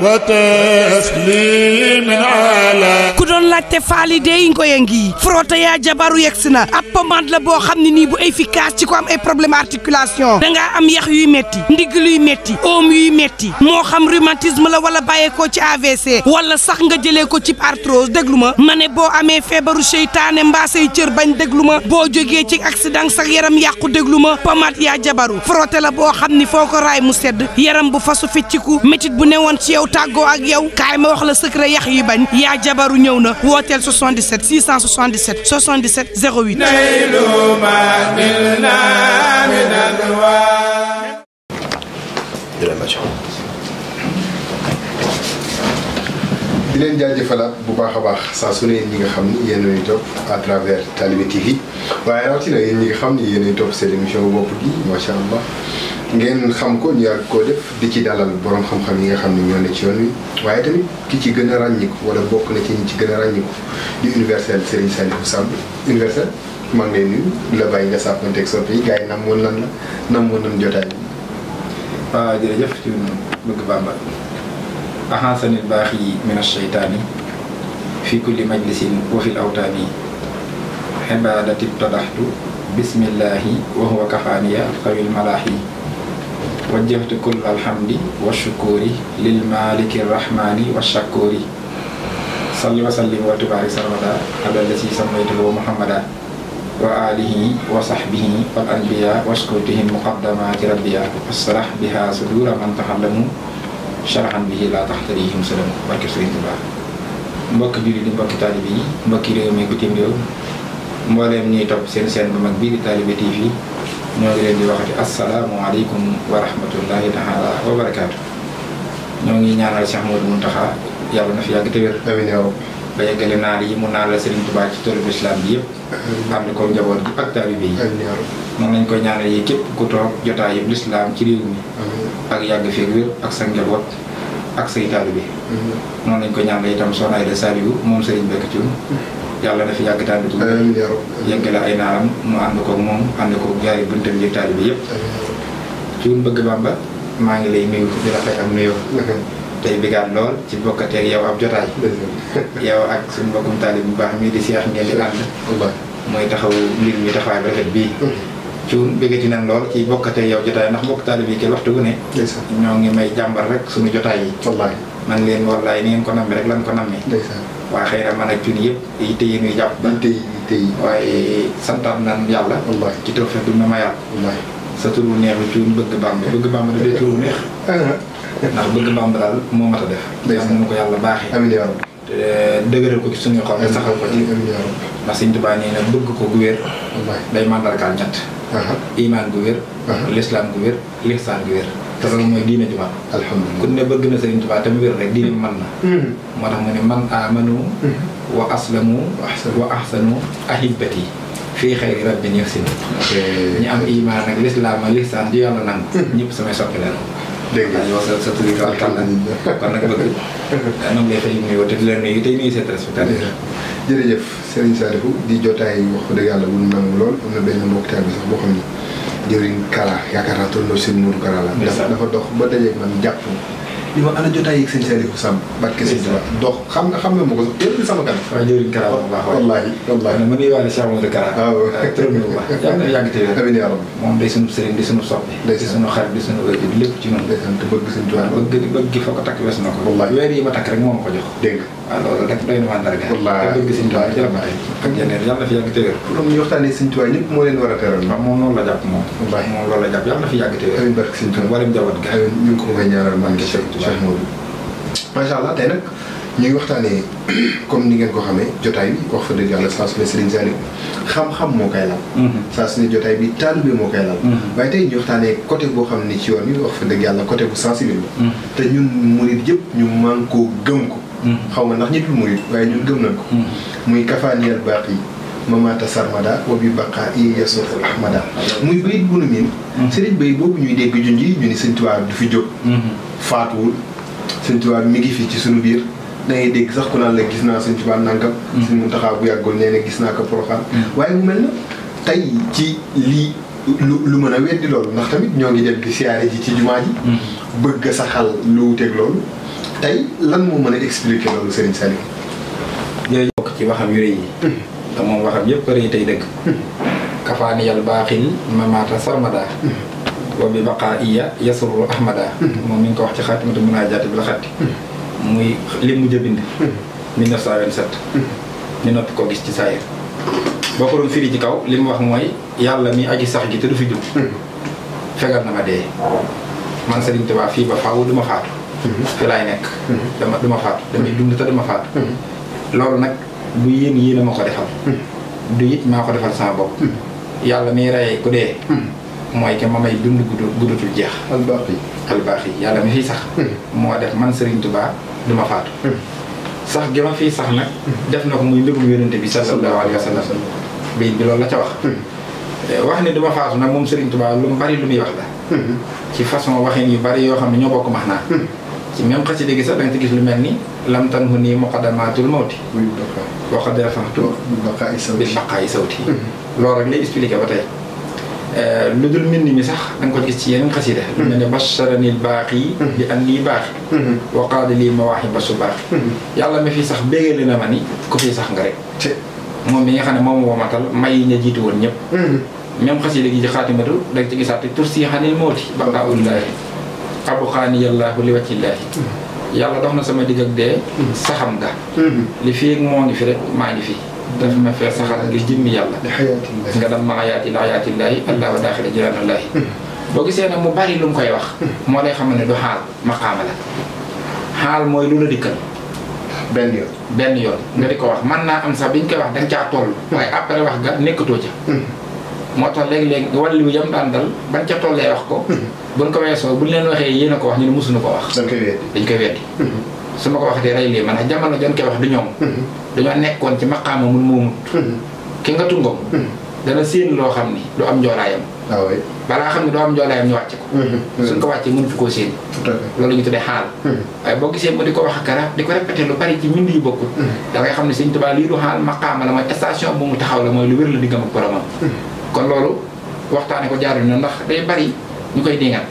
وتسليم على laajte faali dey ngoy ngi frotté yaa jabaru yegsi na ab pommade la boo xam ne nii bu efficace ci ko am ay problème articulation dangaa am yax yuy metti ndigg luy metti oom yuy metti moo xam rhumatisme la wala bàyyeekoo ci AVC wala sax nga jëlee ko ci arthrose déglu ma ma ne boo amee feebaru seytaane mbaa sey cër bañ déglu ma boo jógee ci accident sax yaram yàqu déglu ma pommade yaa jabaru frotté la boo xam ni foo ko raay mu sedd yaram bu fasu fecciku métit bu newoon ci yow tàggoo ak yow ma wax la secret yax yi bañ yaa jabaru ñëw na wooteel 77 677 77 08. jërëjëf. di leen jaajëfalaat bu baax a baax saa su ne ñi nga xam ni yéen ñuy topp à travers Talibé TV waaye rawatina yéen ñi nga xam ni yéen ñuy topp seen émission bopp gi macha allah ngeen xam ko ñu yàgg koo def di ci dalal borom xam-xam yi nga xam ne ñoo ne ci yoon wi waaye tamit ki ci gën a ràññiku wala bokk na ci ñi ci gën a ràññiku di universel Serigne Salihou Samb universel maa ngi lay nuyu la bàyyi nga sàppanteeg soppe yi gars nam woon nan la nam woon nan jotaay bi. waaw ah, jërëjëf ci bëgg Bamba. أحسن الباخي من الشيطان في كل مجلس وفي الأوتان عبادة ابتدحت بسم الله وهو كفاني قوي الملاحي وجهت كل الحمد والشكور للمالك الرحمن والشكور صل وسلم وتبارك سرمدا على الذي سميته محمدا وآله وصحبه والأنبياء واسكتهم مقدمات ربيا فاصرح بها صدور من تعلموا sharaxan bihi laa taxtarihim salaam barke Sëriñ Tuubaa mbokki jullit yi mbokki taalibe yi mbokki réew mi bitim réew mbooleem ñuy topp seen seen bu mag bii di Talibe TV ñoo ngi leen di waxati asalaamualeykum wa rahmatullahi taala wa barakaatu ñoo ngi ñaanal Cheikh Modou Mountakha yàlla na fi yàgg te wér ba yeggale naar yi mu naar la Serigne Touba ci toolu islam bi yëpp. ànd ko njaboot gi ak taalibe yi. noonu lañ ko ñaanal yi képp ku toog jotaay yëpp lislaam ci réew mi. ak yàgg feeg wér ak sa njaboot ak say taalibe. noonu lañ ko ñaanal itam Soxna Aida Saliou moom Serigne Bekk Thioune. yàlla na fi yàgg tànn tuuti. amiin yeggale ay naaram mu bëgg Bàmba maa ngi lay nuyu di la fay am nuyoo. tey bëggaat lool ci bokkateeg yow ab jotaay. yow ak suñu mbokkum taalib bu baax mii di seex ngeen di ànd. mooy taxaw mbir mi taxawaay bu rafet bii. Mm-hmm. cuun ti nañ lool ci bokkatee yow jotaay ndax mbokk taalib yi kenn waxtu wu ne. ñoo ngi may jàmbar rek suñu jotaay yi. man leen wallaay ngeen ko nammee rek lan ko nammee. waaye xëy na man cuun yëpp yitte yi jàpp. yitte yi yitte yi waaye santaat nañ yàlla. ci tawfeex bi ma mayaat. bëgg bàmba bëgg bàmba turu neex. ndax bëgg ndom daal moo mat a def ndax ñu ko yàlla baaxee amin yaa eh, dëgëral ko ci suñu xol nga saxal ko ci ndax sëñ tubaa nee na bëgg ko gu wér day mandargaal ñett iman gu wér l'islam gu wér l'ihsan gu wér te loolu mooy diine ju mat alhamdulillah ku ne bëgg na sëriñ tubaa te mu wér rek diine man hmm. na hmm. moo tax mu ne man amanu hmm. wa aslamu wa ahsanu ahibati fi xeyri rabbin yafsin eh. ñi am iman ak l'islam ak l'ihsan ju yàlla nangu ñëpp samay soppe leen dégg nga ñoo sa sa tur yi kaw tànn kon nag bëgg ñoom ñooy fay nuyoo di leen nuyu tey nuyu jotaay wax dëgg yàlla bu nangu lool am na benn mbokk bi sax boo xam ne jëriñ kala yaakaar naa toll na seen nuuru dafa dox ba dajeeg man jàpp li ma ana jotaay yeeg sëñ Saaliku Samb barke sëñ Tuubaa dox xam nga xam nga ma ko sax yéen sama kan waaw jëriñ kara bu baax wallaahi wallaahi ma nuy waale Cheikh Amadou Kara ah, waaw tërëm bu baax yàgg na yàgg tey amiin yaa rabbi moom day sunu sëriñ di sunu soppi day sunu xarit di sunu wér di lépp ci noonu ndeysaan te bëgg sëñ Tuubaa bëgg bëgg fa ko takk wees na ko wallaahi weer yi ma takk rek moo ma ko jox dégg waaw ah, loolu rek doy na mandarga wallaahi bëgg sëñ Tuubaa jërëm ak yeneen yàlla na fi yàgg tey loolu ñu waxtaanee sëñ Tuubaa ñëpp moo leen war a teral moom noonu la jàpp moom moom loolu la jàpp yàlla na fi yàgg tey amiin barke sëñ Tuubaa wala njaboot ga ñu ko koy ñaanal man Cheikh Modou macha allah tey nag ñuy waxtaanee comme ni ngeen ko xamee jotaay bi wax fa dëgg yàlla saa su ne Serigne Saliou xam-xam moo koy lal mhm. saa su ne jotaay bi taalibe moo koy lal mhm. waaye tey ñu waxtaanee côté boo xam ne ci yoon yi wax fa dëgg yàlla côté mhm. te ñun murit yëpp ñu man ko xaw waaye ñun gëm nañ ko muy kafaaniyal baax yi mamata sarmada wa bi baqa i yasufu ahmada muy bayit bu nu miin sëriñ bay boobu ñuy dégg junj yi ñu ni sëñ Tuubaa du fi jóg faatuwul sëñ Tuubaa mi ngi fii ci suñu biir da dégg sax ku naan la gis naa sëñ Tuubaa nangam. Mm. sëñ Muntaxaa bu yàggul nee gis naa ko Poroxaan. Mm. waaye mu mel tey ci lii lu lu mën a weddi loolu ndax ñoo ngi dem di ci jumaa ji. Mm. bëgg saxal lu wuteeg loolu. tey lan moo mën a expliquer loolu sëriñ Saliou. ñooñu bokk ci waxam yu rëy yi. te moom waxam yëpp rëy tey dëgg. kafaani yàlla baaxil mamaata sarmada wa bi baqaaiya yasurru ahmada hmm. moom mi ngi ko wax ci xaatimatu munaajaati bi la xatti hmm. muy li mu jëbind 1927 hmm. ñu noppi ko gis ci saayir boo ko doon firi ci kaw li mu wax mooy yàlla mi aji sax gi te du fi jub fegal na ma dee man Sëriñ Tuubaa fii ba faaw du ma faatu fi lay nekk dama du ma faatu damay dund te du ma faatu loolu nag bu yéen yéen a ma ko defal du it maa ko defal sama bopp yàlla mi rey ku dee mooy ke ma may dund gudd guddatul jeex. al yi albaax yi yàlla mi fiy sax. Hmm. moo def man Serigne Touba du ma faatu. Hmm. sax gi ma fiy sax nag. Hmm. def na ko muy ndëgum yonente bi sallallahu alayhi wa sallam. bayit bi loolu la ca wax. Eh, wax ne du faatu nag moom Serigne Touba lu bari lu muy wax la. ci façon waxin yu bari yoo xam ne bokk max ci même xasida gi sax da ci gis lu mel lam tanhu nii muqaddamatul mawti wa qad rafa'tu bil baqaa'i sawti loolu rek lay expliqué ba Euh, lu dul mbind mi sax da nga ko gis ci yeneen xasida lu mel ne basharani baaxi bi an nii baaxi mhm. wa qaada lii ma waaxi basu baaxi mhm. yàlla mi fii sax béggale na ma ni ku fii sax nga rek moom mi nga xam ne moom moo matal may ña jiitu woon ñëpp mhm. même xasida gi ci xaatimatu da ci gisaat tur si xanil mooti baqaa ullaahi abu xaani yàllaahu li wàccillaahi yàlla dox na sama digg ak dee saxam nga li fii ak moo ngi fi rek maa ngi fi daf ma fee saxal ngir jëmmi yàlla. nga dem ma ayaati la ayaati laahi allah wa daaxila jiraanu boo gisee ne mu bari lu mu koy wax. moo lay xam ne du xaal ma la. xaal mooy lu la dikkal. benn yoon benn yoon nga di ko wax man naa am sax biñ koy wax danga caa toll. waaye après wax ga nekkatoo ca. Hmm. moo tax léegi-léegi wàllu yam daan dal ban ca tollee wax ko. Hmm. buñ ko weesoo buñ leen waxee yéen a ko wax ñu ne ko wax. dañ koy weddi dañ koy weddi. Hmm. su ma ko waxee day rey lii man jamono jon koy wax du ñoom. Mm-hmm. dañoo nekkoon ci maqaama mun moomut. Mm-hmm. ki nga tungam. Mm-hmm. dana séen loo xam ni du am njoolaayam. waaw ah balaa xam ne am njoolaayam ñu wàcc ko. suñ ko wàccee mënut fi koo séen. loolu ñu tuddee xaal. waaye boo gisee mu di ko wax kara di ko répété lu bari ci mbind yu bokkul. da ngay xam ne Sëñ Tuubaa lii xaal maqaama la mooy station bu taxaw la mooy lu wér la diggam boromam. kon loolu waxtaane ko jaarul ñu ndax day bari ñu koy déngal.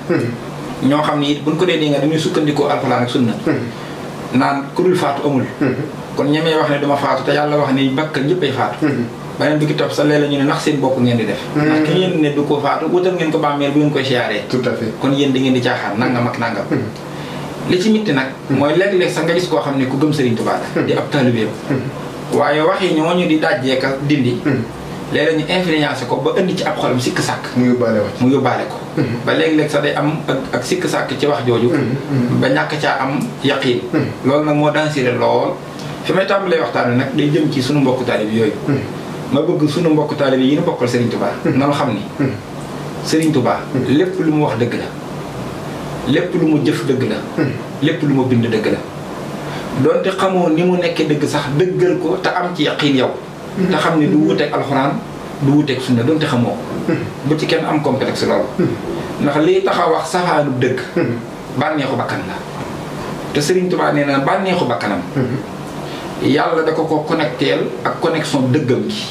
ñoo xam ni it buñ ko dee déngal dañuy sukkandikoo alxuraan ak sunna naan ku dul faatu amul. Mhm. kon ñemee wax ne duma faatu te yàlla wax ne bakkan ñëppay faatu. Mhm. beneen bi ki topp sa léeg-léeg ne ndax seen bopp ngeen di def. Mhm. ndax ki ngeen ne du ko faatu wutal ngeen ko bàmmeel bu ngeen koy siyaaree. tout à fait kon yéen da ngeen di caaxaan nangam ak nangam. li ci mitti nag. mooy léeg-léeg sax nga gis koo xam ne ku gëm Serigne Touba la. di ab taalibeem. waaye waxi ñooñu di dajjee ka dindi. léeg-léeg ñu influencé ko ba indi ci ab xolam sikk sàkk. mu yóbbaale ko ba léeg-léeg sax day am ak sikk sàkk ci wax jooju mm, mm. ba ñàkk caa am yaqiin mm. loolu nag moo dansiré lool fi may tàmbalee waxtaan wi nag day jëm ci suñu mbokk taalib yooyu ma bëgg sunu mbokk taalib yi ñu bokkal Serigne Touba nanu xam ni Serigne Touba lépp lu mu wax dëgg la lépp lu mu jëf dëgg la lépp lu mu bind dëgg la donte xamoo ni mu nekkee dëgg sax dëggal ko te am ci yaqiin yow te xam ni du wuteeg alxuraan du wuteeg sunna doonte xamoo ko bu ci kenn am complexe loolu ndax liy taxaw wax safaanub dëgg bànneexu bakkan la te Serigne Touba nee na bànneexu bakkanam yàlla da ko ko connecteel ak connexion dëggam gi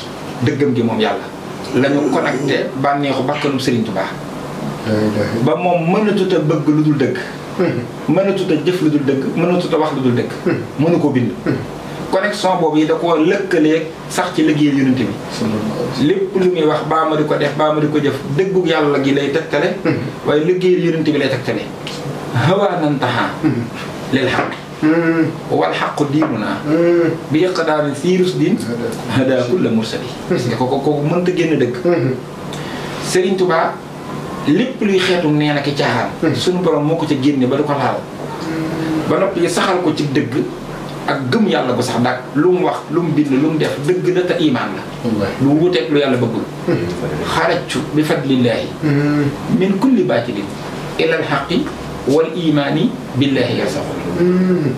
dëggam gi moom yàlla la ñu connecté bànneexu bakkanum Serigne Touba ba moom mënatut a bëgg lu dul dëgg mënatut a jëf lu dul dëgg mënatut a wax lu dul dëgg mënu ko bind connexion boobu yi da koo lëkkaleeg sax ci liggéey yonent bi lépp lu muy wax baa ma di ko def baa ma di ko jëf dëggu yàlla gi lay tegtale mm-hmm. waaye liggéey yonent bi lay tegtale hawaa nan taxaa mm-hmm. lil xaq mm-hmm. wal xaqu diinu naa bi iqdaari siirus diin hadaa kulla mursali te ko kooku mënta génn dëgg Sëriñ Tuubaa lépp luy xeetu nee na ki caaxaan suñu borom moo ko ca génne ba du ko laal ba noppi saxal ko ci dëgg ak gëm yàlla bu sax ndax lu mu wax lu mu bind lu mu def dëgg la te imaan la lu wuteeg lu yàlla bëggul hmm. xarajtu bi fadlillaahi hmm. min kulli baatilin ilal xaqi wal imaani billaahi yarsaxul hmm.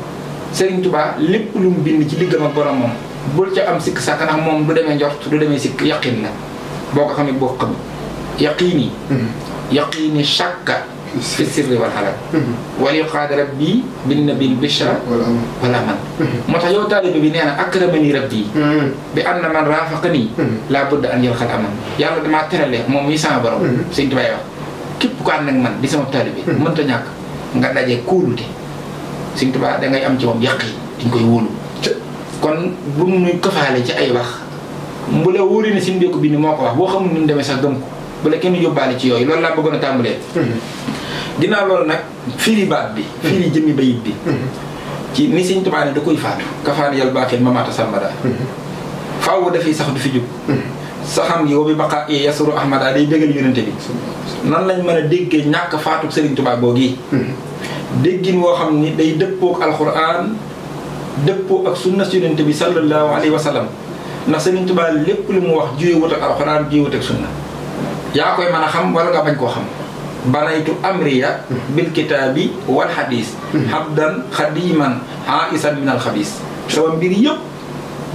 Sëriñ tubaa lépp lu mu bind ci liggam ak borom moom bul ca am sikk sàkk ndax moom du demee njort du demee sikk yaqin na boo ko xamee boo xam yaqiini yaqiini shakka في السر والحلال وليقاد ربي بالنبي البشرى والأمل ما تيو طالب بي نانا أكرمني ربي بأن من رافقني لابد أن يلقى الأمل يالا دما تيرالي موم مي سان بروم سيغ تباي واخ كيب كو اندك مان دي سما طالب مونتا ñak nga dajé koulute seigne touba da ngay am ci mom yaqi ding koy wolu kon bu ñu kafalé ci ay wax bu la wori ne seigne bi ko bind moko wax bo xamul ñu démé sax gëm ko bu la kenn yobale ci yoy loolu la bëggona tambalé mhm. ginnaaw loolu nag firi baat bi firi ba bayit bi ci ni Sëñ Tuubaa ne da koy faatu kafaan yal baaxin mamaata sàmbada faaw dafay sax du fi jóg saxam gi bi baqa i yasuru ahmada day bégal yonente bi nan lañ man a déggee ñàkk faatu Sëriñ Tuubaa googi déggin woo xam ni day dëppook alxuraan dëppoo ak sunna si yonente bi sallallahu alayhi wa sallam ndax Sëriñ Tuubaa lépp lu mu wax juyewut ak alxuraan juyewut ak sunna yaa koy mën a xam wala nga bañ koo xam banaytu amriya bil kitaabi wal xadiis hmm. habdan xadiman haisan min al xabiis sama mbir yëpp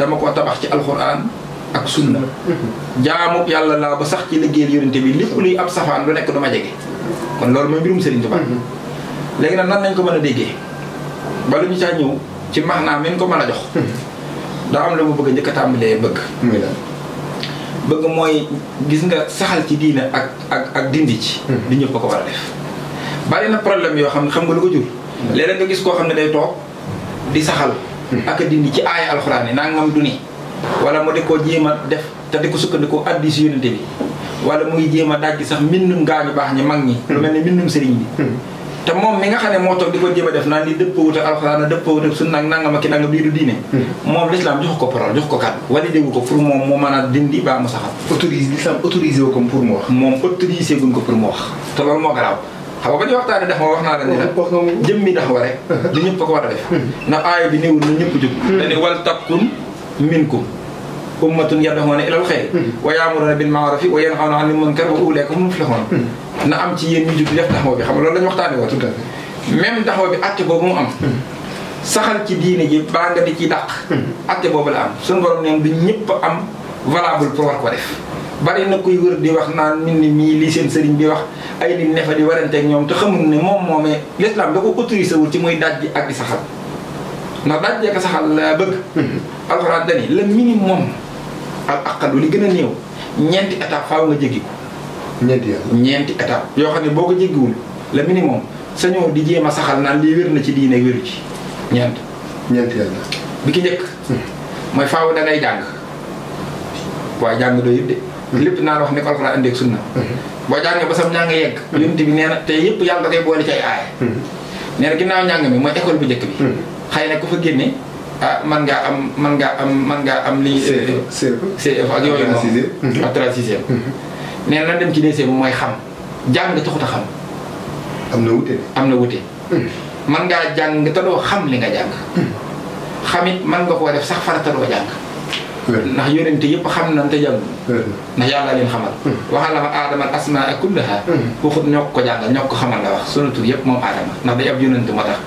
dama ko tabax ci alxuraan ak sunna hmm. jaamu yàlla laa ba sax ci liggéeyal yonent bi lépp luy ab safaan lu nekk du ma jege kon loolu mooy mbirum Sëriñ Tuubaa hmm. léegi nag nan nañ ko mën a déggee ba lu ñu caa ñëw ci maanaam naam ko mën a jox daa am la mu bëgg njëkk a tàmbalee bëgg bëgg mooy gis nga saxal ci diine ak ak ak dindi ci. Hmm. di ñëpp ko war a def. bari na problème yoo xam ne xam nga lu ko jur. Hmm. léeg nga gis koo xam ne day toog di saxal. Hmm. ak a dindi ci aaya alxuraan yi nangam du ni. wala mu di ko jéem a def te di ko sukkandikoo addi si yonente bi wala muy jéem a dajji sax mbindum gaa ñu baax ñi mag ñi. lu mel ne mbindum sëriñ bi. te moom mi nga xam ne moo toog di ko jéem a def naan ni dëppawut ak alxuraan dëppawut ak sunna nangam ak nangam lii du diine hmm. moom l'islam jox ko parole jox ko kàddu validé wu ko pour moom mu mën a dindi baa mu saxal autorise l'islam autorisé wu ko pour mu wax moom autorisé guñ ko pour mu wax te loolu moo garaaw xam nga ba ñu waxtaanee dax ma wax naa la ni la jëm mi dax wa rek du ñëpp ko war a def hmm. na aaya bi néewul na ñëpp jóg hmm. dañu wal takun minkum أمة يدعون إلى الخير ويأمرون بالمعروف وينهون عن المنكر وأولئك هم المفلحون na am ci yéen ñu jub def taxaw bi xam nga loolu la ñu waxtaanee woon tout à fait même taxaw bi atte boobu mu am saxal ci diine ji baa nga di ci dàq atte boobu la am suñu borom neen du ñëpp am valable pour war ko def bari na kuy wër di wax naan min ni mii li seen sëriñ bi wax ay nit nefa di waranteeg ñoom te xamul ne moom moomee l'islam da ko autorisé wul ci muy daj ak di saxal ndax daj ak saxal la bëgg alxuraan dani le minimum al aqallu li gën a néew ñeenti étape faaw nga jéggi ko. ñeenti étape ñeenti étape yoo le minimum sañoo di masakal saxal naan lii wér na ci diine wéru ci ñeent. ñeenti étape. bi ki njëkk. Hmm. mooy faaw da ngay jàng waaye jàng doo yëpp de. Hmm. lépp naan wax ne ko alxuraan sunna hmm. boo jàngee ba sam ñàng yegg yonent bi nee te yëpp da koy boole ci ay aaya nee na ginnaaw ñàng mi mooy école bu bi na ku fa ah man ngaa am man ngaa am man ngaa am li CFEE ak yooyu noonu ak 36e nee na dem ci DCM mooy xam jàng nga taxut a xam am na wute am na wute mm-hmm. man ngaa jàng te doo xam li nga jàng mm-hmm. xamit man nga koo def sax farata doo jàng ndax yonente yëpp xam nañ te jàng ndax yàlla leen xamal waxal la ma aadama asmaa kullaha waxut ñoo ko jàngal ñoo ko xamal la wax sunu tur yëpp moom aadama ndax day ab yonente moo tax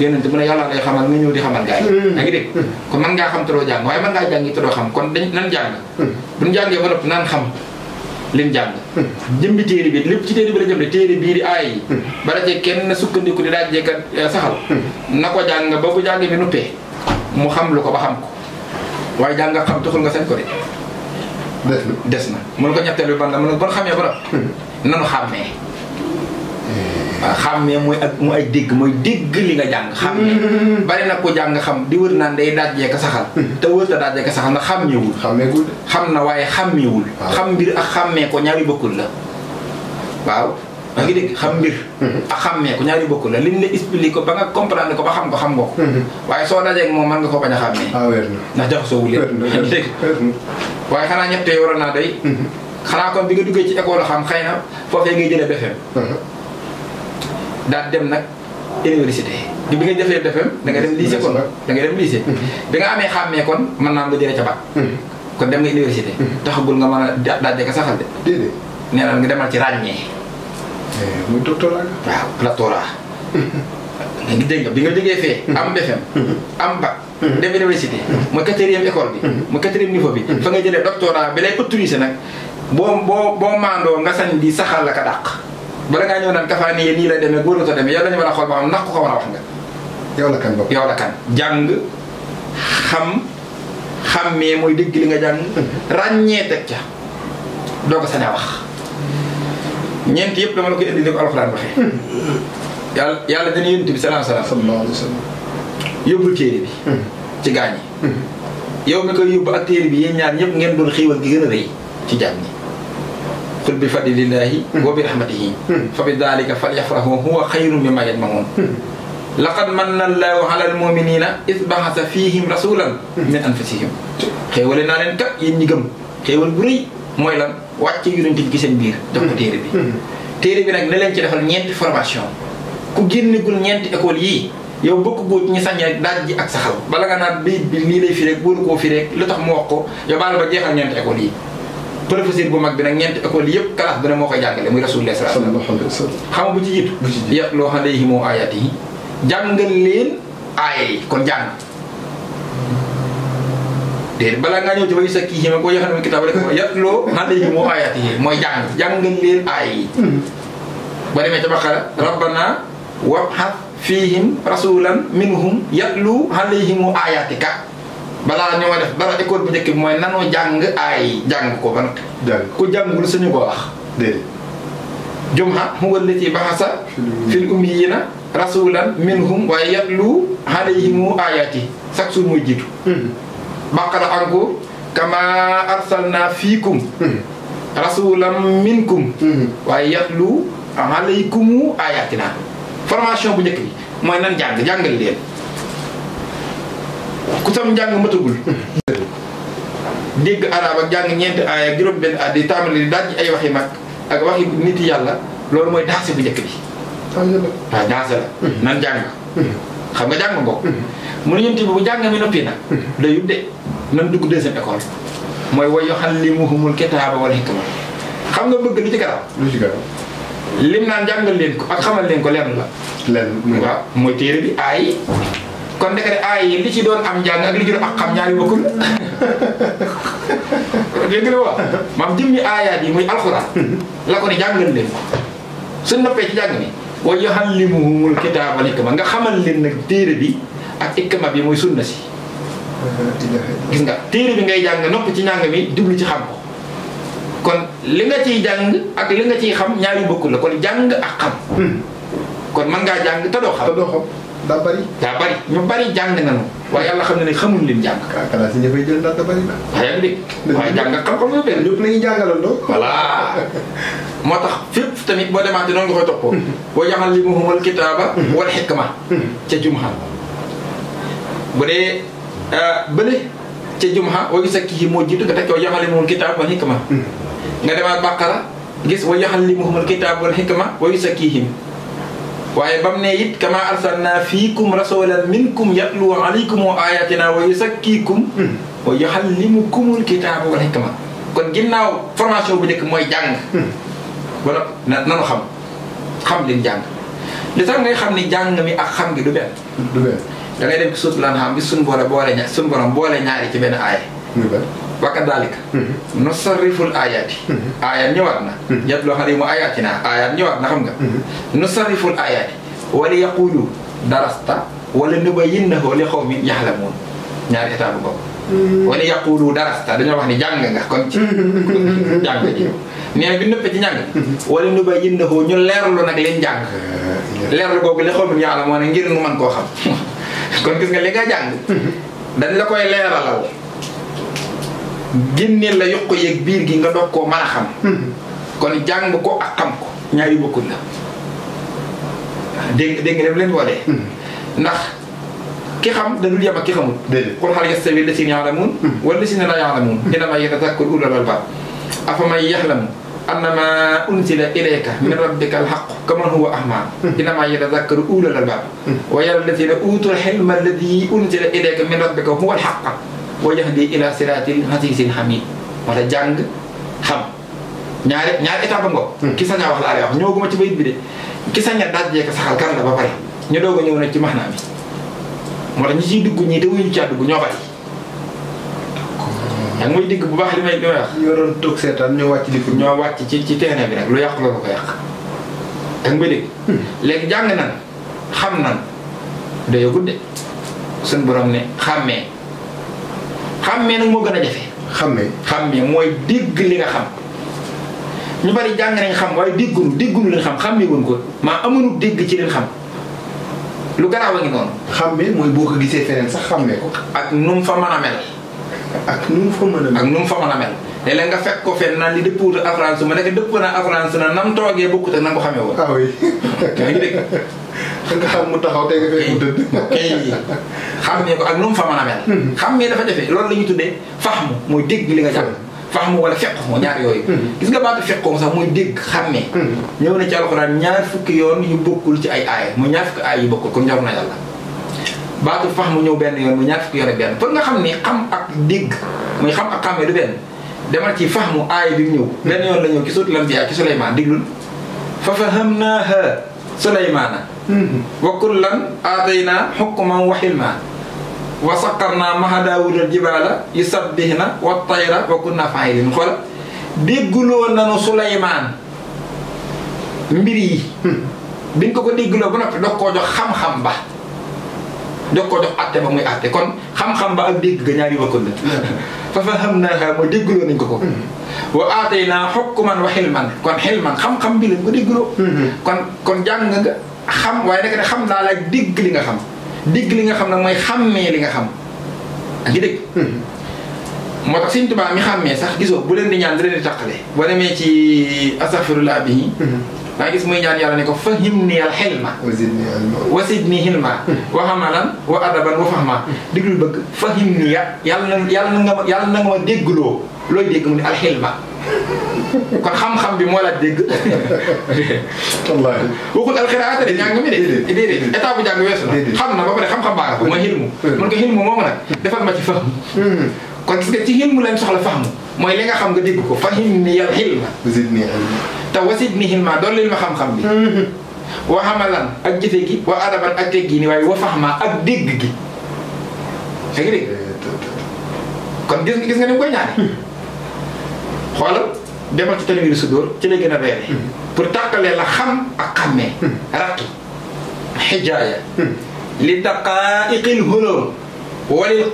yonente mu ne yàlla lay xamal nga ñëw di xamal gaay yi yaa ngi dégg kon mën ngaa xam te doo jàng waaye mën ngaa jàng jàngee ba noppi nan xam lim jàng jëmbi téere bi lépp ci téere bi la jëm de téere bii di aay yi bala kenn sukkandiku di daaj jeekat eh, saxal na ko jàng ba bu jàng bi nuppee mu xam lu ko ba xam ko waaye jàng nga xam taxul nga sañ ko de. des na des na mën ko ñetteel bi ban la mën ba xamee ba hmm. nanu xàmmee. xàmmee mooy ak mu ay dégg mooy dégg li nga jàng. xam hmm. bari na ko jàng xam di wër naa day daaj jeeka saxal. Hmm. te wër ta daaj jeeka saxal ndax xàmmeewul. xàmmeewul xam na waaye xàmmeewul. xam mbir ak xàmmee ko ñaari bokkul la waaw. yaa ngi dégg xam mbir. ak xàmmee ko ñaari bokk la liñ la expliqué ko ba nga comprendre ko ba xam ko xam nga ko. Mhm. waaye soo dajeeg moom mën nga ko bañ a xàmmee. ah weer na ndax jaxasoo wu leen. yaa ngi dégg waaye xanaa ñett yooyu waroon naa day. Mhm. xanaa kon bi nga duggee ci école xam xëy na foofee mhm. dem nag université. di bi nga jëfee BFEM da nga dem lycée kon da nga dem lycée. bi nga amee xàmmee kon mën naa nga jëlee ca bac. kon dem nga université. taxagul nga mën a daal di ko saxal de. déedéet nee na nga demal ci ràññee muy docteur ak waaw doctorat ngi dégg bi nga Ambek fee am BFM am bac dem université mooy quatrième école bi mooy quatrième niveau bi fa nga jëlee doctorat bi lay autorisé nag boo boo boo maandoo nga sañ di saxal la ka dàq bala ngaa ñëw naan kafaa nii nii la demee góor ta demee yow la ñu mën a xool ba xam ndax ku ko war a wax nga yow la kan bopp yow la kan jàng xam xàmmee mooy dégg li nga jàng ràññee ca doo ko sañ a wax ñeent yëpp dama la koy indi ni ko alxuraan waxee. yàlla yàlla dana yonent bi salaam salaam. sallallahu alayhi wa sallam. yóbbu téere bi. Hmm. ci gaañ yi. Hmm. yow mi koy yóbbu ak téere bi yéen ñaar ñëpp ngeen doon xéewal gi gën a rëy ci jaam ñi. xul bi fadlillahi hmm. wa bi rahmatihi. fa bi daalika falyafrahu huwa xayrun mimmaa yajmaun. laqad manna allahu ala almuminina is baxasa fihim rasulan min anfusihim xéewale naa leen kat yéen ñi gëm xéewal bu rëy mooy lan. wàcce yonente bi ci seen biir jox ko hmm. téere bi hmm. téere bi nag ne leen ci defal ñeenti formation ku génnagul ñeenti école yi yow bëgg góor ñu sañ rek daaj ji ak saxal bala nga naan bayit bi lii koo fi rek lu tax mu wax ko yow baal ba jeexal ñeenti école yi professeur bu mag bi nag ñeenti école yi yëpp classe bi ne moo koy jàngale muy rasulullah sallallahu alayhi wa sallam xam nga bu ci jiitu loo xam ne yi moo aayaat yi jàngal leen aaya yi kon jàng der balanga ñew ci bay sakki hima ko yaxal mi kitab rek yatlo alayhi mu ayati moy jang jang leen rabbana fihim rasulan minhum yatlu alayhim ayatika bala ñu def dara école bu moy nano jang ay jang ko ban jang ku jangul suñu ko wax jumha bahasa fil ummiyina rasulan minhum wa yatlu alayhim ayati saksu moy jitu baqala anku kama arsalna fiikum hmm. rasulam minkum hmm. waaye yatlu alaykumu ayatina formation bu njëkk bi mooy nan jàng jàngal leen ku sam njàng hmm. jàng ñeenti aaya ak juróom di tàmbali di daaj ay waxi mag ak waxi nit yàlla loolu mooy danse bu njëkk bi waaw danse la ah, nan jàng xam nga jàng mbokk mu ne ñun jàng mi noppi na da yudde nan dugg deuxième école mooy wa yuallimuhumul kitaaba wal hikma xam nga bëgg lu ci garaaw. lim naan jàngal leen ko ak xamal leen ko lenn la. lenn muy waaw mooy téere bi aay. kon ndekete aay yi li ci doon am njàng ak li ci doon ak xam ñaari bokkul. dégg nga waaw maam jëmmi aayaat yi muy alxuraan. la ko ne jàngal leen ko. suñ noppee ci jàng mi. wa yuallimuhumul kitaaba wal hikma nga xamal leen nag téere bi ak hikma bi mooy sunna si. gis nga téere bi ngay jàng nopp ci njàng mi jublu ci xam ko kon li nga ciy jàng ak li nga ciy xam ñaari bokkul la kon jàng ak xam hmm. kon man ngaa jàng te doo xam te doo xam daa bari daa bari ñu bari jàng nañu waaye yàlla xam na ne xamul lim jàng kala si ñëppay jël ndax da bari na waaye dégg waaye jàng xam-xam yu benn ñëpp lañuy jàngalandoo voilà moo tax fépp tamit boo demaatee noonu nga koy toppoo boo jaxal li mu kitaaba hmm. wal xikma hmm. ca jumxal bu dee Euh, bële ca jumha wa yuzakkiihim moo jiitu nga teg wa yuallimuhumul kitaaba wal hikma hmm. nga demaat baqara gis wa yuallimuhumul kitaaba wal hikma wa yuzakkiihim waaye bam ne it kama arsalna fiikum rasulan minkum yatlu alaykum ayatina wa yuzakkiikum hmm. wa yuallimukumul kitaaba wal hikma kon ginnaaw formation bu njëkk mooy jàng hmm. wala na nanu xam xam leen jàng li tax ngay xam ni jàng mi ak xam gi du benn da ngay dem ci suuf lan xam bi suñ boole boole ña suñ borom boole ñaari ci benn aaya wakka daalika mhm. nu sarriful aayaati mhm. aayat ñëwaat na ñett mhm. loo xam ne mu aayaati naa aayat ñëwaat na xam nga nu sarriful aayaati wala yaqulu darasta wala nubayyinahu li qawmin ya'lamuun ñaari état bu bokk wala yaqulu darasta dañoo wax ni jàng nga kon ci jàng ji nee bi nëpp ci njàng wala nubayyinahu ñu leerlu nag leen jàng leerlu googu li qawmin ya'lamuun ngir nu mën koo xam kon gis nga li nga jàng. dañ la koy leeralal. génneel la yokk yeeg biir gi nga dog koo mën a xam. kon jàng ko ak xam ko ñaari bokkul la. dégg dégg nga def leen woote. ndax ki xam da dul yem ak ki xamul. déedéet qul hal yastawi llazina ya'lamuun. wal lazina laa ya'lamuun. innamaa yatazakkaru ulul albaab afaman yahlamu annama unzila ilayka min rabbika alxaqu kaman huwa ahman innama yatadakkaru ulul albab hmm. wa yara alladina utul xilma alladi unzila ilayka min rabbika huwa alxaq wa yahdi ila siratil hmm. wax laa lay wax ñëw ci bayit bi de ki saña daaj jeeka saxal kan la ba pare ñu doog a ñëw nag ci max naa bi moo tax ñi ciy dugg ñii te wuñu ci dugg ñoo yang ngi may dégg bu baax li may li may wax. ñoo doon toog seetaan ñoo wàcc di ko. ñoo janganan, ci ci terrain bi rek lu yàq loolu ko yàq. yaa ngi may dégg. léegi jàng nan xam nan dayoo de suñ borom ne xàmmee xàmmee nag moo gën a jafe. xàmmee xàmmee mooy dégg li nga xam. ñu bari jàng nañ xam waaye xam ko ci xam lu sax ko. ak fa mel. ak nu mu fa mën ak nu fa mën a mel. léeg-léeg nga fekk ko fenn naan li dëppuwut ak France ma nekk dëpp na ak na nam toogee bokkut ak na nga ko xamee woon. ah oui. ngi dégg. nga xam mu taxaw tey nga fekk mu dëdd. ko ak nu fa a mel. Mhm. xàmmee dafa jafe loolu la ñuy tuddee faxmu mooy dégg li nga jàpp. Mhm. faxmu wala feq moo ñaar yooyu. Mhm. gis nga baatu feqoom sax mooy dégg xàmmee. ñëw na ci alxuraan ñaar fukki yoon yu bokkul ci ay aaya mooy ñaar fukki aaya yi bokkul ku njarum na yàlla baatu fax mu ñëw benn yoon mu ñaar fukki yoon benn pour nga xam ni xam ak dégg muy xam ak xàmmee du benn demal ci fax mu aay bi mu ñëw benn yoon la ñëw ci suutu lan ci ci Souleymane diglul fa fahamnaaha Souleymana mm-hmm. wa kullan aataynaa hukman wa hilman wa sakkarnaa ma'a daawuda al-jibaala yusabbihna wa tayra wa kunnaa faa'iliin xool déggloo nanu Souleymane mbir yi hmm. bi nga ko ko déggloo ba noppi dox koo jox xam-xam ba jox ko jox àtte ba muy àtte kon xam-xam ba ak dégg ga ñaari bokkul la hmm. fa fahamnaaha mooy déggloo nañ ko ko hmm. wa aataynaa hukman wa xilman kon xilman xam-xam bi lañ ko déggloo hmm. kon kon jàng nga xam waaye nag ne xam naa la dégg li nga xam dégg li nga xam nag mooy xàmmee li nga xam ak ngi dégg moo tax Sëñ Tuubaa mi xàmmee sax gisoo bu leen di ñaan di leen di taqale boo mee ci astaghfirullah bi maa gis muy ñaan yàlla ne ko fahim ni al xilma wasid ni xilma wa xamalan wa adaban wa fahma diglu bëgg fahim ni ya yàlla na yàlla na nga ma yàlla na nga ma déggloo looy dégg mu ne al xilma kon xam-xam bi moo la dégg wallaahi waxul alxiraata de njàng mi de déedéet état bu jàng weesu na xam na ba pare xam-xam baa nga ko mooy xilmu mun ko xilmu moomu nag defal ma ci fahm hmm. kon gis nga ci xilmu lañ soxla fahm mooy li nga xam nga dégg ko fahim ni yal xilma tawasid wasit ni xilmaa dollil ma xam-xam bi wa hamalan ak jëfe gi wa adaban ak teggi ni waaye wa faxma ak dégg gi da nga dégg kon gis gis nga ni mu koy ñaane demal ci tanwiiru sudóor ci lay gën pour la xam ak li daqaaiqil hulóom walil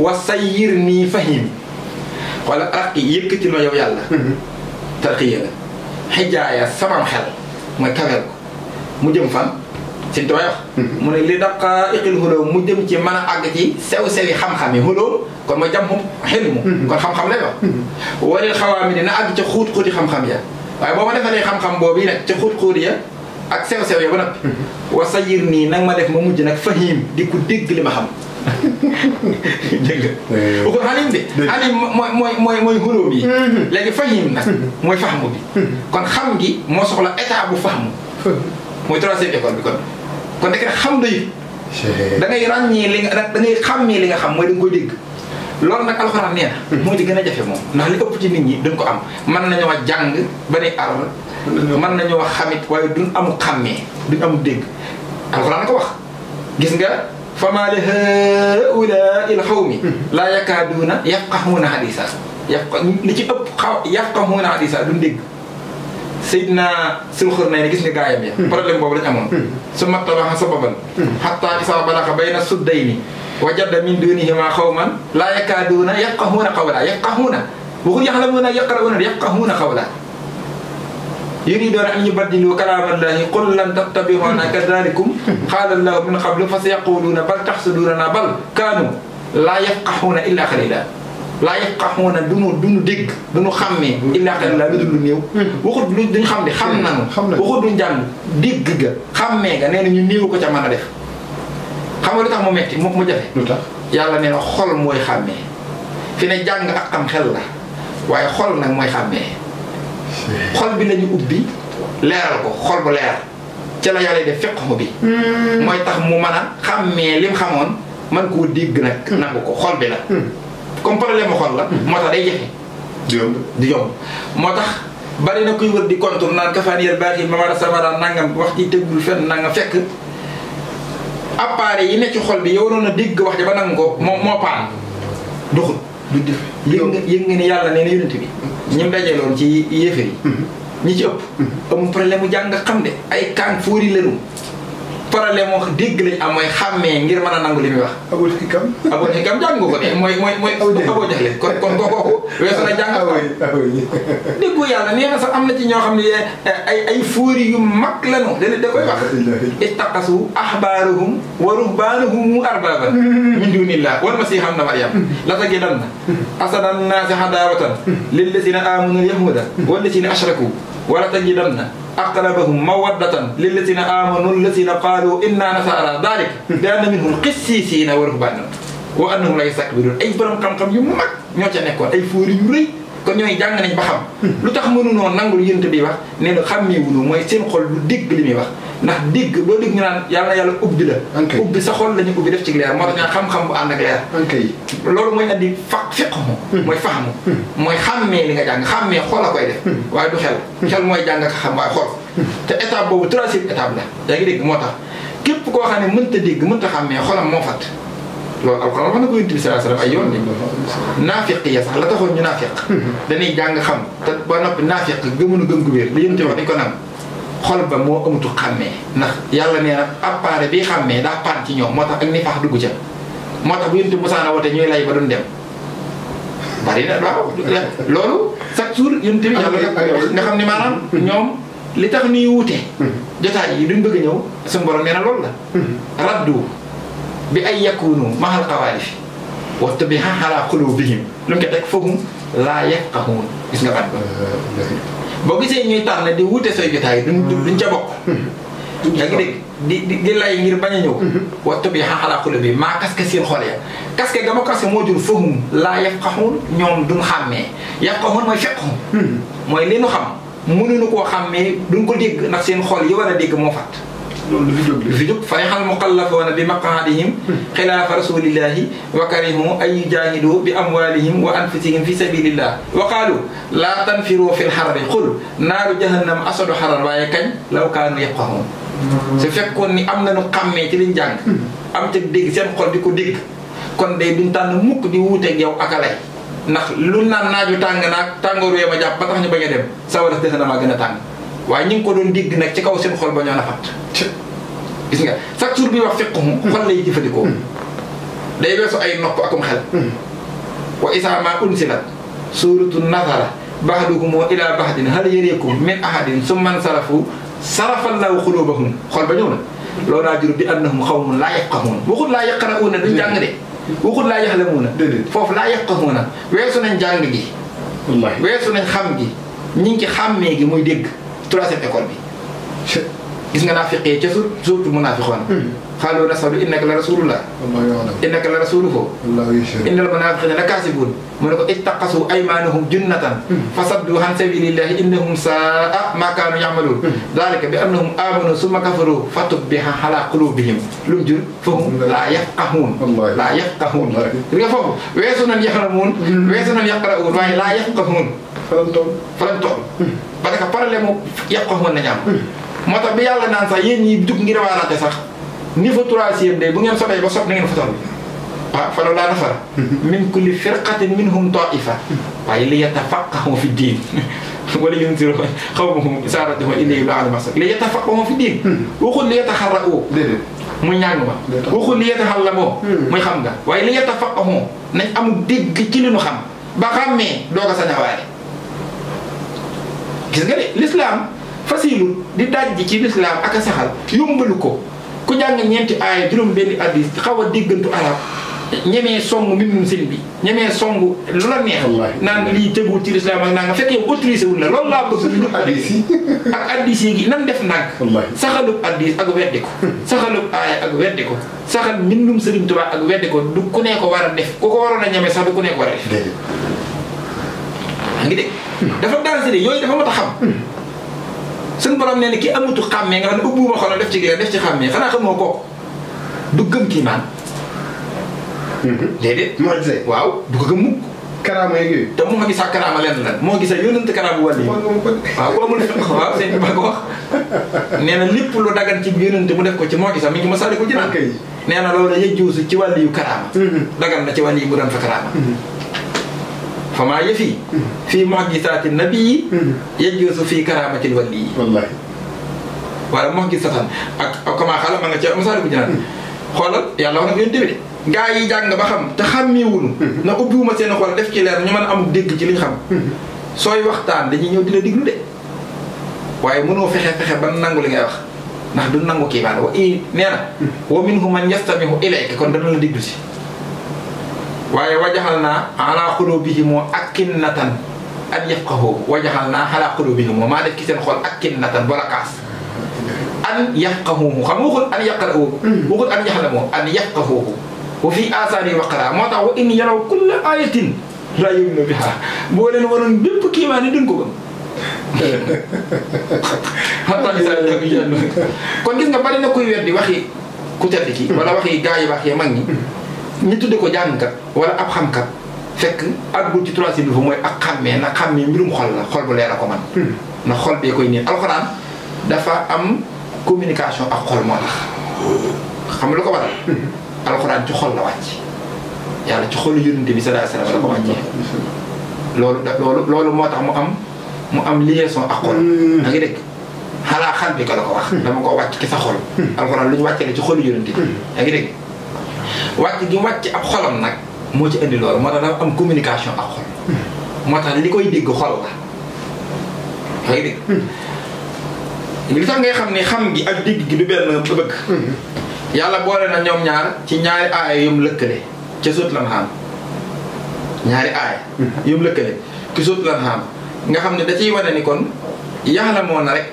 wa sayir fahim xoolal raqi yëkkati ma yow tarxiya la xijaaya samam xel mooy kawel ko mu jëm fan sëñ Tuubaa wax mu ne li daqaa'iqil xulóom mu jëm ci mën a àgg ci sew-sewi xam-xam yi xulóom kon mooy jam xel mu kon xam-xam lay wax walil xawaami dina àgg ca xuut-xuuti xam-xam ya waaye boo ma defalee xam-xam boobu yi nag ca xuut-xuut ya ak sew-sew ya ba noppi wa sayir nii nag ma def ma mujj nag fahim di ku dégg li ma xam dégg nga. bu ko alim de. alim mooy mooy mooy mooy xuroo bi. Mm-hmm. léegi fahim nag. Mm-hmm. mooy fahmu bi. Mm-hmm. kon xam gi moo soxla état bu fahmu. mooy troisième école bi kon. kon nekk xam doy. da ngay ràññee li nga da ngay xàmmee li nga xam mooy da nga koy dégg. loolu nag alxuraan nee na. moo ci gën a jafe moom ndax li ëpp ci nit ñi duñ ko am mën nañoo jàng ba ne ar. mën nañoo xamit waaye duñ amu amu dégg alxuraan ko wax gis nga. فما لهؤلاء القوم لا يكادون يفقهون yakahuna hadisah, ci ëpp xaw yafqahuna hadisa duñ dégg sayyidina Zulqarnayn gis nga gaayam ya hmm. problème boobu lañ amoon hmm. summa tabaxa sababan xatta hmm. isa balaxa bayna suddayni wajada min dunihima xawman la yakaduna yafqahuna qawla yafqahuna waxul yaxlamuna yaqrauna yafqahuna qawla jadi أن يبدلوا كلام الله قل لن تتبعونا كذلكم قال الله من قبل فسيقولون bal تحسدوننا بل كانوا لا la yafqahuna xamé illa qalila lu dul neew hmm. waxut lu duñ xam di hmm. xam nañu waxut duñ jàng dégg ga xamé ga néna ñu neew ko ca mëna def xam nga lutax mu metti mu mu jafé lutax yalla néna xol moy xamé fi ne jàng ak am xel la waye xol nak moy xamé xol bi lañu ubbi leeral ko xol bu leer ci la yàlla def fiqhu bi hmm. mooy tax mu mën a lim xamoon man koo dégg nag hmm. nangu ko xol bi la hmm. comme problème mu xol la moo tax day jafe di yomb di yomb bari na kuy wër di contour naan kafaan yar baaxi mamara samara nangam wax ci tegul fenn nanga fekk appareil yi ne ci xol bi yow noonu dégg wax ja ba nangu ko moom moo paan duxul du def yëg nga yëg nga ne yàlla bi ñi mu dajaloon ci yéefar yi mm-hmm. ñi ci ëpp. Mm-hmm. amul problème mu jàng nga xam ne ay kaan fóori lenu problème wax dégg lañ am mooy xàmmee ngir mën a nangu li muy wax. abul xikam abul xikam jàng nga ko de mooy mooy mooy. aboo jaxle kon kon kooku weesu na jàng. déggu yàlla nee na sax am na ci ñoo xam ne ay ay fóori yu mag la ñu da da koy wax. istaqasu ahbaaruhum wa ruhbaanahum arbaaban min dunillah wal masiiha ibna maryam la tajidanna asadan naasi hadaawatan lillazina aamanu yahuuda wallazina ashraku ولتجدن أقربهم مودة للذين آمنوا الذين قالوا إنا نسأل ذلك لأن منهم قسيسين ورهبانا وأنهم لا يستكبرون أي برم كم كم يمك نيوتا نيكون اي فوري ay kon ñooy jàng nañ ba xam. lu tax mënunoo nangul yënt bi wax xam na xàmmeewuñu mooy seen xol lu dégg li muy wax ndax dégg boo dégg ñu naan yàlla na yàlla ubbi la. ubbi sa xol la ñu ubbi def ci leer moo tax ñu xam-xam bu ànd ak leer. loolu mooy fa fiqhu. Hmm. mooy fahamu. Hmm. mooy xàmmee li nga jàng xàmmee xol a koy def. Hmm. waaye du xel. xel mooy jàng ak xam waaye xol. te étape boobu troisième étape la. yaa ngi dégg moo tax képp koo xam ne mënta dégg mënta xàmmee xolam moo fat loolu alxuraan wax na ko yonent bi sallallahu alayhi wa ay yoon ni ya sax la taxoon ñu naafiq dañuy jàng xam te ba noppi naafiq gëmunu gëm gu wér li yonent wax dañ ko nam xol ba moo amatu xàmmee ndax yàlla nee na appareil bi xàmmee daa paan ci ñoom moo ak ni faax dugg ca moo tax bu yonent Musaa na woote ñooy lay ba duñ dem bari na waaw ya, loolu chaque jour yonent bi yàlla nga xam ne maanaam ñoom hmm. li tax ni wute hmm. jotaay yi duñ bëgg ñëw suñu borom nee na loolu la hmm. raddu bi ay yakunu mahal xawaalifi waxtu bi xalaa xulubihim lu ñu ko teg fahum laa yafqahuun gis nga ban boo gisee ñuy tax ne di wute sooy jotaay duñ duñ ca bokk hmm. yaa ngi dégg di di di lay ngir bañ a ñëw hmm. waxtu bi xalaa xulubi maa kaske seen xol ya kaske ga ma kaske moo jur fahum laa yafqahuun ñoom duñ xàmmee yafqahuun mooy feqhum hmm. mooy li nu xam mënuñu koo xàmmee du ko dégg ndax seen xol yi war a dégg moo fat loolu du fi jóg fi jóg fa yaxal muqallafoona bi maqaadihim xilaafa rasulillahi wa karihu ay yujaahidu bi amwaalihim wa anfusihim fi sabilillah wa qaalu laa tanfiru fi lxarri qul naru jahannam asadu xarar waaye kañ law kaanu yaqahuun su fekkoon ni am nañu xàmmee ci liñ jàng am ci dégg seen xol di ko kon day duñ tànn mukk di wuuteeg yow ak alay ndax lu naan naaju tàng naag tàngooru yee ma ba tax ñu bañ dem sawara dëxanam a gën a waaye ñi ngi ko doon dégg nag ci kaw seen xol ba ñoo na fat gis nga chaque jour bi wax fiqhu xol lay jëfandikoo hmm. day weesu ay nopp akum xel hmm. wa isaa ma unsilat suuratu nazara baxduhumoo ilaa baxdin hal yareekum min ahadin summan sarafu sarafallaahu xuluubahum xol ba ñëw na loolu laa jur bi annahum xawmun laa yaqahuun waxut laa yaqra'uuna duñ jàng de hmm. waxut laa yaxlamuuna foofu laa yaqahuuna weesu nañ jàng gi weesu nañ xam gi ñi ci xàmmee gi muy dégg troisième école bi. gis nga naa fiqee ca sur surtout munaafiqoon xaaloo hmm. nasadu innaka la rasulullah innaka la rasuluhu innal munaafiqina la kaasibuun mu ne ko ittaqasu aymaanahum junnatan hmm. fa saddu han sabilillahi innahum saa ma kaanu yamaluun hmm. dalika bi annahum amanu summa kafaru fa tubbiha ala qulubihim lum jur fahum laa yafqahuun laa yafqahuun nga foofu weesu nan yaxlamuun weesu nan yaqra'uun waaye laa yafqahuun falan tool falan tool parce que problème mu yàq ko mën moo tax bi yàlla naan sax yéen ñi jug ngir waalante sax niveau troisième day bu ngeen sotee ba sot na ngeen fa toll. waaw fa lawlaa nafara min kulli firqatin minhum taifa waaye li yatafaqqahu fi diin wala yun siro xawmahum isaaratuhum ilayhi la'allahum li yatafaqqahu fi diin waxul li yataxarra'u muy ñàng ma waxul li yataxallamoo hmm. muy xam nga waaye li yatafaqqahu nañ amul dégg ci li ñu xam ba xàmmee doog a sañ a waare gis nga de lislaam fasilu di dajji ci lislaam ak a saxal yombalu ko ku jàng ñeenti aaya juróom benn addis xaw a déggantu arab ñemee song mbindum sëñ bi ñemee song lu la neex naan lii tegul ci lislaam ak naa nga fekkee autorisé wul la loolu laa bëgg lu addis yi ak addis yi nan def nag saxalub addis ak weddi ko saxalub aaya ak weddi ko saxal mbindum sëriñ Tuubaa ak weddi ko du ku ne ko war a def ku ko waroon a ñeme sax du ku ne ko war a def yaa ngi dégg dafa dansé yooyu dafa mën xam suñu borom nee ki amutu xàmmee nga xam ne ubbuuma xolam def ci leer def ci xàmmee xanaa xamoo du gëm kii maan déedéet moo gisee waaw du gëm mukk karaama yeeg yooyu te moo gisaa karaama lenn la moo gisee yónnante karaama wàll yi waaw ko amul waaw sëñ bi ko wax lu dagan ci yónnante mu def ko ci moo gisa mi ngi ma ko ci yu mm-hmm. dagan na ci mu fa fa maa yëfi fii mu'jizaati nabii yajuusu fii karaamatil walii wallaahi wala mu'jizaatan ak ak kamaa xala ma nga ca Masaalikul Jinaan hmm. xoolal yàlla wax na ko yéen tamit gaa yi jàng ba xam te xàmmeewuñu hmm. na ubbiwuma seen xol def ci leer ñu mën a am dégg ci liñ xam hmm. sooy waxtaan dañuy ñëw di la diglu de waaye mënoo fexe fexe ba nangu li ngay wax ndax du nangu kii maanaam wa i nee na wa minhum man yastami'u ilayka kon dana la diglu si waaye wajaxal naa ala qulubihim akinnatan an yafqahu wajaxal naa ala qulubihim maa def ci seen xol akinnatan ba la kaas an yafqahuhu xam nga waxul an yaqra'uhu mm. waxul an yaxlamu an yafqahuhu wa fi asaari waqara moo tax wa in yaraw kulla ayatin laa yuminu biha boo leen waroon bépp kiimaan ni duñ ko gëm kon gis nga bari na kuy weddi waxi ku tedd ki wala waxi gaa yi baax yi mag ñi ñu tudde ko jàngkat wala ab xamkat fekk ak àggul ci troisième niveau mooy ak xàmmee na xàmmee mbirum xol la xol bu leer a ko man hmm. na xol bee koy nii alxuraan dafa am communication ak xol moo tax xam lu ko waral hmm. ci xol la wàcc ci xolu yonent bi sallallahu alayhi wasallam la ko loolu loolu moo tax mu am mu am liaison ak xol da hmm. nga dégg xalaa xal bi ko la ko wax dama ko wàcc ci sa xol alxuraan lu ñu wàccee la ci xolu yonent bi da nga dégg wàcc gi wàcc ab xolam nag moo ci indi loolu moo tax dafa am communication ak xol moo tax li koy dégg xol la hmm. li tax ngay xam ni xam gi ak dégg gi du benn bëgg hmm. yàlla boole na ñoom ñaar ci ñaari aaya yum lëkkale ca sot lan xam ñaari aaya hmm. yum lëkkale ki sut lan xam nga xam ne da ciy wane ni kon yàlla moo na rek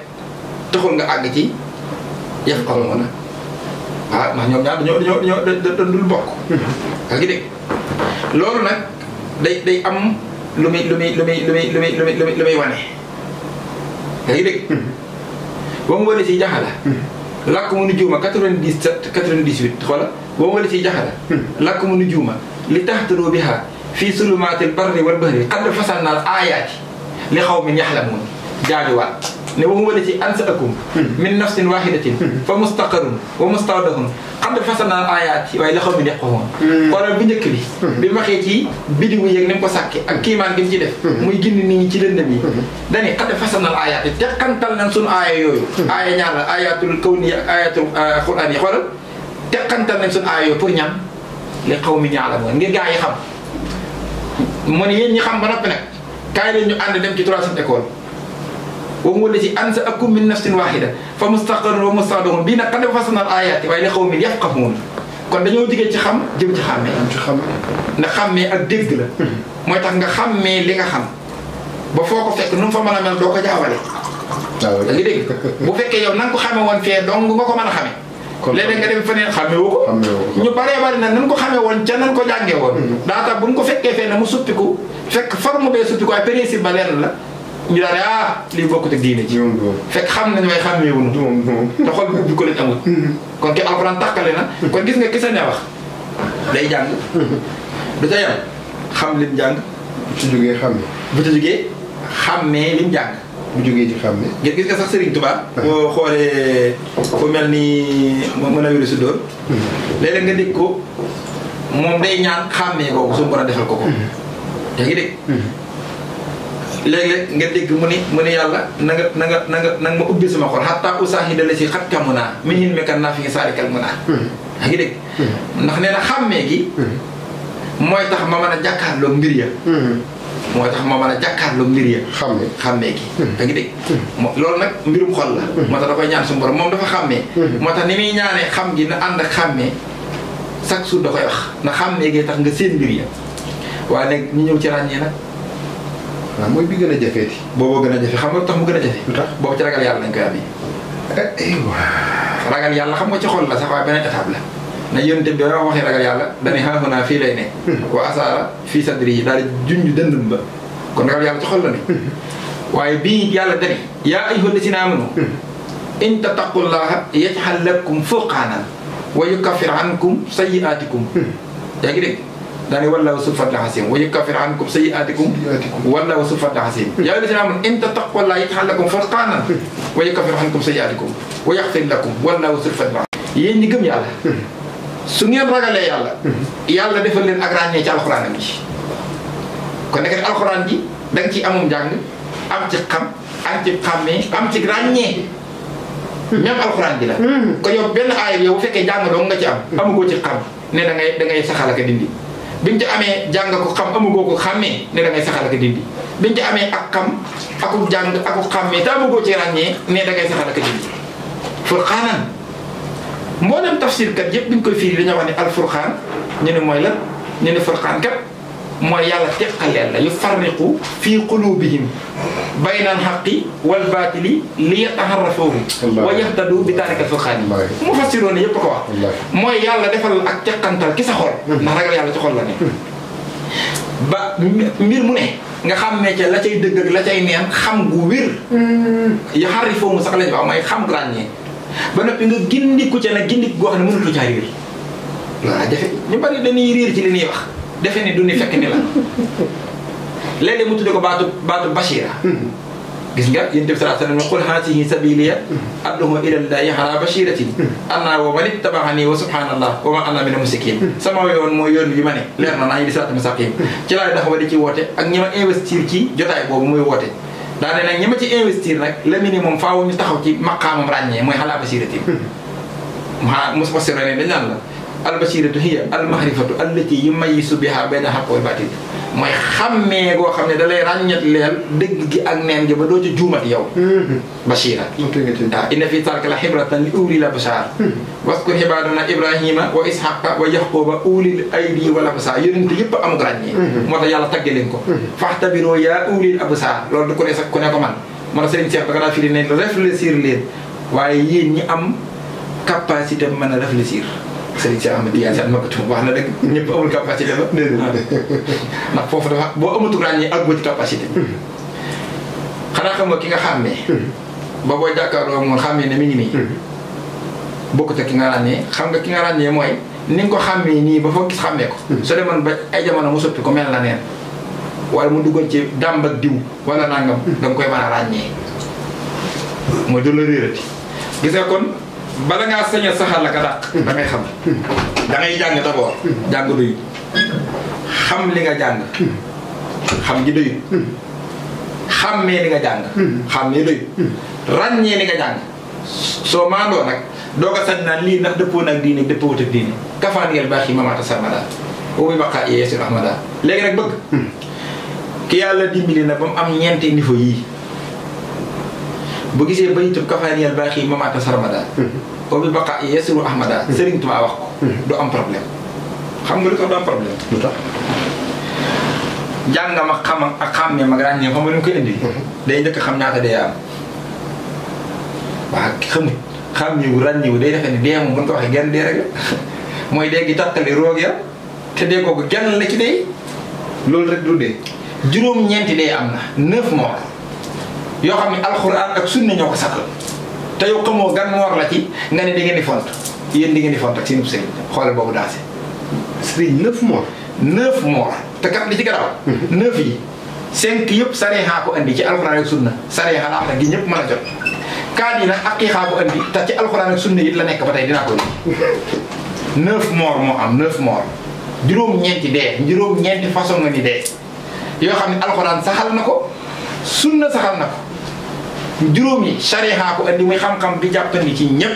taxul nga àgg ci yaf xol na ah ndax ñoom ñaar dañoo dañoo dañoo dañ dul bokk ak dégg loolu nag day day am lu muy lu muy lu muy lu muy lu muy lu muy lu muy wane yaa ngi dégg ba mu wële si jaxala làkk mu nu juuma 97 98 xoola ba mu wële si jaxala ah. làkk mu nu juuma li taxtaru biha fi sulumaati al barri wal bahri qad fasalna al ayaati li xaw mi yaxlamuun jaajuwaat ne wa huwa lati ansaakum hmm. min nafsin wahidatin hmm. fa mustaqarun wa mustawdahun xam nga fasal naa ayaat yi waaye la xaw mi nekk xoon hmm. xoolal bu njëkk bi bi ma waxee ci bidiwu yeeg ni mu ko sàkke ak kiimaan gi mu ci def muy gindi nit ñi ci lëndëm yi dane xam nga fasal naa ayaat yi te xantal nañ sunu aaya yooyu aaya ñaar la ayatul kawni ak ayatul ah, quraan yi xoolal te xantal nañ sunu aaya yooyu pour ñam li xaw mi ñaala moon ngir gaa yi xam mu ne yéen ñi xam ba noppi nag kaay leen ñu ànd dem ci 300 école وهو الذي أنزل أكون من نفس واحدة فمستقر ومستعد بين قد فصلنا الآيات وإلى قوم يفقهون كون دانيو ديغي تي خام جيم تي خامي تي خام نا خامي اك ديغ لا موي تاخ nga خامي ليغا خام با فوكو فيك نوم فا مانا مل دوكو جاوالي داغي ديغ بو فيك يو نانكو خامي وون فيه دونغ ماكو مانا خامي لين nga dem fenen xamé wuko ñu bare bare nak nan ko xamé won ci nan ko jangé won mhm. data buñ ko fekké fé na ñu daal ah lii bokkut ak diine ji fekk xam nañ way xàmmee wuñu te xol bi ko lañ amul mm-hmm. kon ki alquran takkale na kon gis nga kisa ne wax day jàng mm-hmm. du ca yam xam lim jang bu ci jógee xàmmee bu ci jógee xàmmee lim jang bu jógee ci xàmmee ngir gis nga sax Serigne Touba ah. boo xoolee fu ni mën a wéri si dóor nga ko day ñaan xàmmee kooku suñu borom defal ko ko mm-hmm. yaa ngi léeg-léeg nga dégg mu ni mu ni yàlla na nga kan na nga na hmm. nga nah, hmm. nah, hmm. na nga ubbi sama xol xataa usaahi dala si xat ka mu mekan naa fi muna ngi dégg ndax nee na xàmmee ya. gi mooy tax ma mën a jàkkaarloo mbir ya moo tax ma mën a jàkkaarloo mbir ya xàmmee xàmmee nah, gi da ngi dégg moo loolu nag mbirum xol la moo tax da ñaan borom dafa ni xam gi na ànd ak sak chaque da koy wax na xàmmee gi tax nga seen mbir ya ñu ci waaw mooy bi gën a jafeeti booba gën a jafe xam nga yàlla lañ koy abi eh, aywa ragal yàlla xam nga ci xol la sax waaye beneen étape yàlla dani fii lay ne hmm. fii sadri yi daal di junj dëndum hmm. waaye bii yàlla dani yaa ayyuha llaziina aamanu hmm. ankum sayyi'aatikum yaa ngi daani wallaahu sul fadli xasim wa yukaffir ankum sayyi'aatikum wallaahu sul fadli xasim yaa ayyuhal laziina aamanu in tattaqullaaha yaj'al lakum furqaanan wa yukaffir ankum sayyi'aatikum wa yaxfir lakum wallaahu sul fadli xasim yéen ñi gëm yàlla su ngeen ragalee yàlla yàlla defal leen ak ràññee ci alxuraanam ji kon nekk alxuraan ji da nga ciy amum jàng am ci xam am ci xàmmee am ci ràññee même alxuraan ji la mm-hmm. kon yow benn aaya yow bu fekkee jàng dong nga ci am amagoo ci xam ne da ngay da ngay saxal ak dindi biñ ci amé jang ko xam amu goko xamé né da ngay saxal ak dindi biñ ci amé ak xam ak jang ak xamé ta bu go ci ragné né da ngay saxal ak dindi furqanan mbolam tafsir kat yépp biñ koy firi dañu wax ni al furqan ñene moy la ñene furqan kat mooy yàlla teqal leen la yufarriqu fi qulubihim bayna alxaqi wal baatili li yataharrafuhu wa yahtadu bi tarika furqaani mu fassiroon yépp ko wax mooy yàlla defal ak teqantal ki sa xol hmm. ndax ragal yàlla ci xol la ne hmm. ba mbir mu ne nga xam ne ca la cay dëgg ak la cay neen xam gu wér hmm. yaxarrifuhu sax lañu wax mooy xam gu ba noppi nga gindiku ca nag gindiku goo xam ne mënatu caa réer waaw jafe ñu bari dañuy réer ci li ñuy wax defe ni du ni fekk ni la léeg-léeg mu tudde ko baatu baatu bashira gis nga yéen tamit salaatu salaam qul haadihi sabiliya ad'u ila llaahi alaa bashiratin ana wa man ittabaani wa subhaanallah wa ma ana mina mushrikiin sama yoon mooy yoon bi ma ne leer na naa ñu di salaatu mustaqim ci laay daxawa di ci woote ak ñi ma investir ci jotaay boobu muy woote daane nag ñi ma ci investir nag le minimum faaw ñu taxaw ci maqaamam ràññee mooy alaa bashiratin mu xaa mu dañ naan albasiratu hiya almahrifatu allati yumayyisu biha bayna haqqi wal batil mooy xàmmee goo xam ne da lay ràññat leel dëgg gi ak neen gi ba doo ci juumat yow mm-hmm. basira waaw inna fi tark la xibratan li uli la basaar mm-hmm. waskur xibaadana ibrahima wa ishaqa wa yaxquba ulil aydi wala basaar yonent yëpp amuk ràññee mm-hmm. moo tax yàlla tagge leen ko faxtabiroo yaa ulil absaar loolu du ko ne sax ku ne ko man moo tax Serigne Cheikh da nga daa firi ne réfléchir leen waaye yéen ñi am capacité mën a réfléchir sëriñ si Ahmed Diagne Sane nadek ko tuub wax na rek ñëpp amul capacité ba. dëgg ndax foofu dafa boo amatul ràññee ak boo ci capacité. xanaa xam nga ki nga xàmmee. ba boo jàkkaarloo moom xàmmee ne mi ngi nii. bokkut ak ki nga ràññee xam nga ki nga ràññee mooy ni nga ko xàmmee nii ba foo gis xàmmee ko. su demoon ba ay jamono mu soppi ko mel na neen wala mu duggoon ci dàmb ak diw wala nangam. da koy mën a ràññee. mooy la réerati gis kon. bala ngaa sañ a saxal la ka dàq. da ngay xam da ngay jàng d'abord. jàng doyut xam li nga jàng. xam ji doyut. xàmmee li nga jàng. xàmmee doyut. ràññee li nga jàng. soo maandoo nag doo ko sañ naan lii ndax dëppoo nag diine dëppoo wut ak diine. kafaan ngeen baax yi mamaata sarmada boobu baqaa yeesu rahmada léegi nag bëgg. ki yàlla dimbali na ba mu am ñeenti niveau yii. bu gisee bayitum kafaani yal mama mamaata sarmada boobu baqa yasiru ahmada sëriñ Tuubaa wax ko du am problème xam nga lu problem. du am problème lu tax jàngam ak xamam ak xàmmee mag ràññee xam nga lu koy indi day njëkk xam ñaata dee am waa xamut xàmmewu ràññewu day defee ni dee moom bu ñu ko waxee genn dee rek la mooy dee ya la ci rek du yoo xam ne alxuraan ak sunna ñoo ko sakk te yow xamoo gan mu war la ci nga ne da ngeen di font yéen da ngeen di font ak seen sëriñ xoolal boobu dansé. sëriñ neuf mois. neuf mois te kat li ci garaaw. Mhm. neuf yi yëpp sariixa ko andi ci alxuraan ak sunna sariixa la gi ñëpp mën a jot. kaat yi nag ak xeexaa ko andi te ci alxuraan yi la nekk ba dinaa ko indi. neuf mois moo am neuf mois juróom-ñeenti dee juróom-ñeenti façon nga ni dee yoo xam ne alxuraan saxal na ko sunna saxal na ko. juróom yi sariha ko andi muy xam-xam bi jàppandi ci ñëpp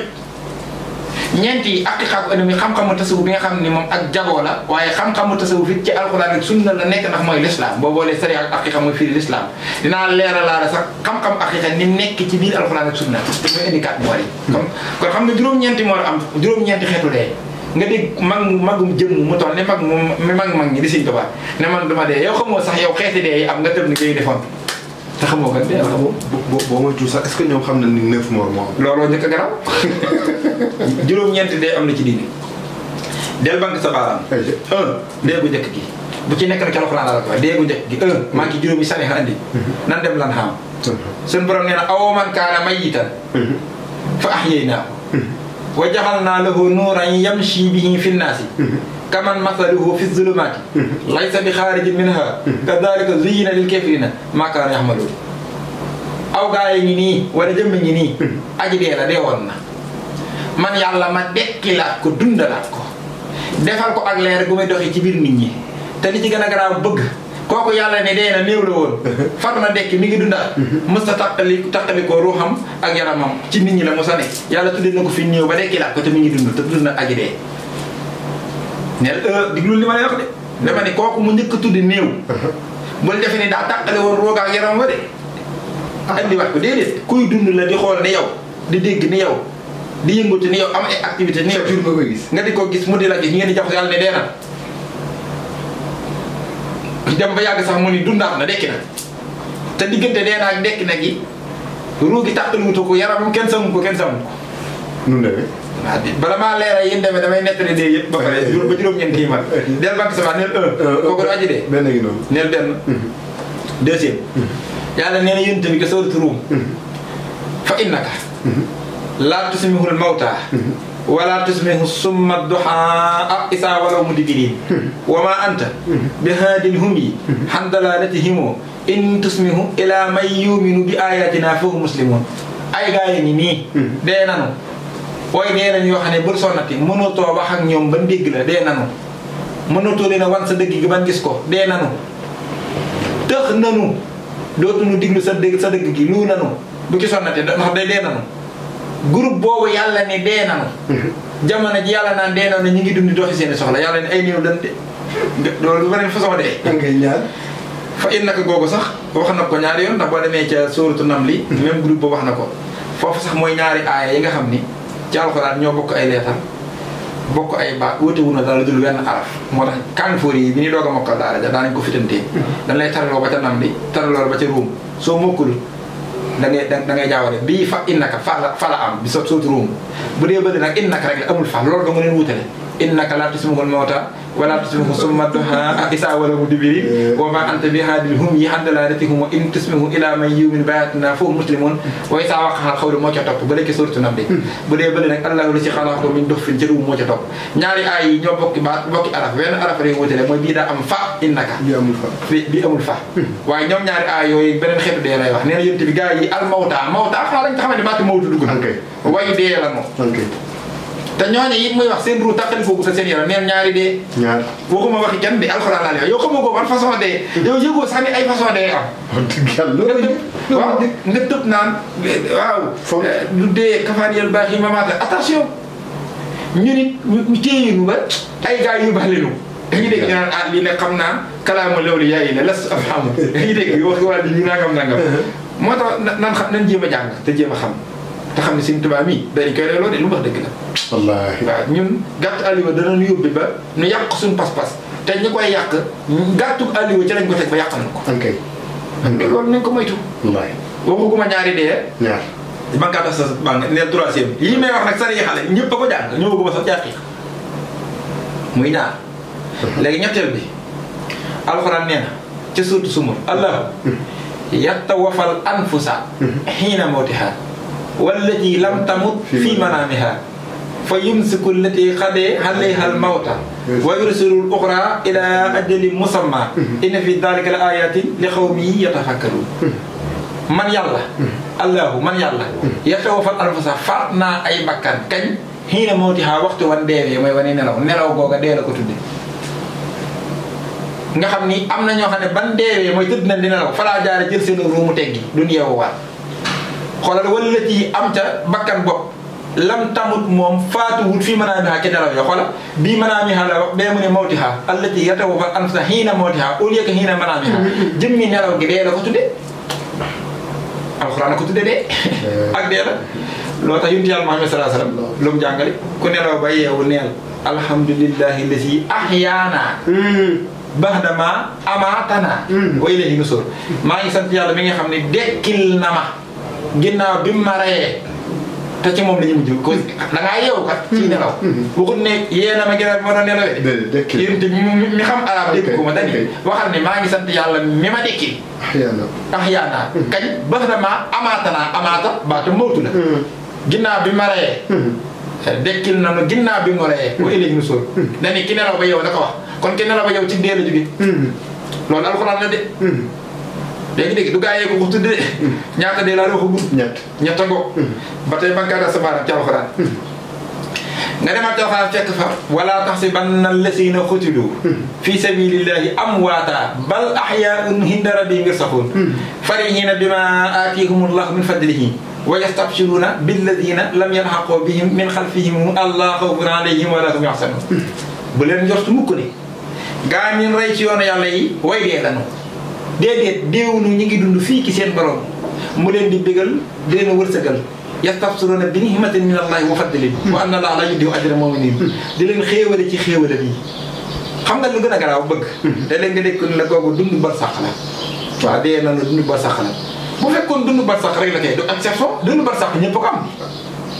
ñeenti yi aqiqa ko andi muy xam-xamu tasawuf bi nga xam ni moom ak jagoo la waaye xam-xamu tasawuf it ci alxuraan ak sunna la nekk ndax mooy lislaam boo boolee sariha ak aqiqa mooy firi lislaam dinaa leeralaale sax xam-xam aqiqa ni nekk ci biir alxuraan ak sunna te muy indi kat moori kon kon xam nga juróom-ñeenti moo am juróom-ñeenti xeetu dee nga dégg mag magum jëmm mu toll ne mag mu mag mag ñi di Sëñ Tuubaa ne man ma dee yow xamoo sax yow xeeti dee am nga tëb ni te xamoo kan dee xamoo bo bo ma tuusa est ce que ñoom xam na ni neuf mois moo am looloo njëkk garaw juróom ñeent dee am na ci diine del bank sa baaraam un dee bu njëkk gi bu ci nekk rek alxuraan la ko dee bu njëkk gi un maa ngi juróomi sane xa andi mhm. nan dem lan xaam sun borom nee na aw man kaana mhm. fa naa ko mhm. wa jaxal naa fi kaman masaluhu fi zulumaati mhm. laysa bi xaarijin minha mhm. kadalika zuyina lil kafirina ma kaanu yaxmaluun aw gaay ngi nii wala jëmm ngi nii mhm. aji dee la dee woon na man yàlla ma dekkilaat ko dund dundalaat ko defal ko ak leer bu may doxi ci biir nit ñi te li ñi gën a garaaw bëgg kooku yàlla ne dee na néew la woon far na dekki mi ngi dundaat mës ta taqali taqalikoo ruuxam ak yaramam ci nit ñi la mosa ne yàlla tuddee na ko fi néew ba dekkilaat ko na ne euh, diglu li ma lay wax de. dama ne kooku mu njëkk a tudd néew. Uh-huh. bul defe ne daa tàqale woon rooga ak yaram wa de. Ah. andiwaat ko déedéet kuy dund la di xool ne yow di dégg ni yow di yëngatu ni yow am ay activité ni yow jur nga koy gis nga di ko gis mu di la gis ñu ngeen di jox yàlla ne dee na dem ba yàgg sax mu ni na dekki na te diggante dee na ak dekki na gi ruu gi tàqaliwutu ko yaramam kenn samu ko kenn samu ko. waaw di bala maa leeral yi ñu demee damay nettali dee yëpp ba pare juróom ba juróom-ñeent yi man del banque sama neel un euh, euh, kooku aji dee benn gi noonu neel benn deuxième mhm. yàlla nee na yonent bi ko sóoratu Ruum mhm. fa innaka mhm. laa tusmihul mawta wala tusmihu summa duhaa ak isaa walaw mudbirin wa ma anta bi haadil hum yi han dalaalatihim in tusmihu ila man yuminu bi ayatina fa hum muslimun ay gaa yi nii dee nanu booy dee nañ yoo xam ne bul sonnati mënatoo wax ak ñoom ba dégg la dee nanu mënatoo leen a wan sa dëgg gi ban gis ko dee nanu tëx nanu dootuñu diglu sa dëgg sa dëgg gi lu nanu bu ci sonnati ndax day dee nanu groupe boobu yàlla ne dee nanu jamono ji yàlla naan dee nanu ñu ngi dundi doxi seeni soxla yàlla ne ay néew dan de loolu beneen façon dee fa innaka googu sax wax na ko ñaari yoon ndax boo demee ca sóoratu nam li même groupe ba wax na ko foofu sax mooy ñaari aaya yi nga xam ni ci alxuraan ñoo bokk ay leetal bokk ay baat wóotewu na dara dul wenn araf moo tax kanfoor yi bi ñuy doog a mokkal daara a daanañ ko fitantee mm-hmm. dañ lay taraloo ba ca nam di taraloo ba ca ruum soo mokkul da ngay da ngay jaawale bii fa innaka fa la fa la am bi so sootu ruum bu dee bëri nag innaka rek amul fa loolu da nga leen wutale innaka laa tusmi'ul mawtaa wala tusmihum summa duhaa isaa walahu dibiri wa ma anta bi haadihum yi an dalaalatihim wa in tusmihu ilaa man yu'min bi aayaatinaa fa hum muslimuun wa isaa waqa'a al-qawlu moo ca topp ba léegi suuratu Naml bu dee bële nag allaahu lazii xalaqakum min nutfatin ci moo ca topp ñaari aay yi ñoo bokki baat bokki araf wenn araf rek wutale mooy bii daa am fa innaka bi amul fa bi amul fa waaye ñoom ñaari aay yooyu beneen xeetu dee lay wax nee na yonent bi gaa yi al mawta mawta xanaa lañ xamante baatu mawtu dugg na way dee la moom te ñooñu yi muy wax seen ruu tàqali foofu sa seen yaram neen ñaari dee. ñaar waxuma waxi kenn de alxuraan laa la yow xamoo ko ban façon dee. Mm-hmm. yow yëgoo sax ay façon dee am. wax lu eh, dee kafaan yàlla ma maata attention. ñu nit ñu téye ñu ba ay gars yu baax lañu. dañuy dégg ñu ah, xam naa kalaama loolu yaa yi ne las afhamu dañuy dégg wax waa li ñu nangam nangam. Uh-huh. moo tax nan xam nan jéem a jàng te jéem a xam. te xam ne Sëñ Tuubaa mii dañ koy reeloo de lu mu dëgg la. wallaahi ñun gàtt aliwa dana nu yóbbi ba nu yàq suñu pas-pas te ñu koy yàq gàttu aliwa ci lañ ko teg ba yàq loolu nañ ko moytu. wallaahi waxuguma ñaari dee. ñaar man kaa def sa baa nag sari xale ñëpp a ko jàng ñoo bëgguma sax jàqi muy ñaar léegi ñetteel bi alxuraan nee na ca suuratu Zumar allahu yatawafal anfusa xiina mawtihaa والتي لم تمت في منامها فيمسك التي قد عليها الموت ويرسل الاخرى الى اجل مسمى ان في ذلك الايات لقوم يتفكرون من يلا الله من يلا يتوفى الانفس فاتنا اي مكان كن حين موتها وقت وان ديري ماي واني نلاو نلاو غوغا ديرا كو تودي nga xamni amna ño xamne ban deewé moy tudd na dina la fala jaar jeul seen roomu teggi du ñew waat xoolal wala ci am bakkan bopp lam tamut moom faatuwul fii manaamihaa ca nelaw ya xoolal bii manaamihaa la wax mu ne mawtihaa allati yatawaffa al-anfusa hiina mawtihaa au lieu que hiina manaamihaa nelaw gi dee la ko tuddee alxuraan la ak dee la loo tax Muhammad sallallahu alayhi wa sallam lu mu jàngale ku nelaw ba yeewu neel alhamdulillahi lazi ahyaana mm. ba'dama amaatana wa ilayhi nusur mm. maa ngi sant yàlla mi nga xam ne dekkil na ma ginnaaw bi mu ma reyee te ci moom la ñu mujj ko da ngaa yeewu kat. ci hmm. nelaw. Hmm. waxut ne yee na ma ginnaaw bi ma doon nelawee. dëgg yéen mi xam arab dégg ko ma dañ waxal ne maa ngi sant yàlla mi ma dekki. ah hmm. kañ baax na maa amaata naa amaata baatu mbootu la. ginnaaw bi ma reyee. dekkil na nu ginnaaw bi mu reyee. wa ilayhi nusur. dañ ne ki nelaw ba yow da ko wax kon ki nelaw ba yow ci dee la jóge. loolu alxuraan la de. léegi léegi du gaa yee ko ko tuddee ñaata dee laa doo ko gum ñett ñett ngo ba tey bankaata samaanam ci alxuraan nga demal ci alxuraan fekk fa wala taxsibanna allasina xutilu fi sabilillahi amwata bal axyaun hinda rabbihim yursaxuun farihina bima aatihumullahu min fadlihi wa yastabshiruna billadina lam yalxaqoo bihim min xalfihim allah xawfun alayhim wala hum yaxsanun bu leen njort mukk ne gaa ñin rey ci yoonu yàlla déedéet déewunu ñu ngi dund fii ki seen borom mu leen di bégal di leen wërsëgal yastabsiruna bi nihmatin min allahi wa fadlin wa anna allaha la yudiu ajra muminin di leen xéewale ci xéewale bi xam nga lu gën a garaaw bëgg te léegi nga dégg la googu dund bar sax la waaw dee na na dund bar sax la bu fekkoon dund bar rek la kay du exception dund bar sax ñëpp ko am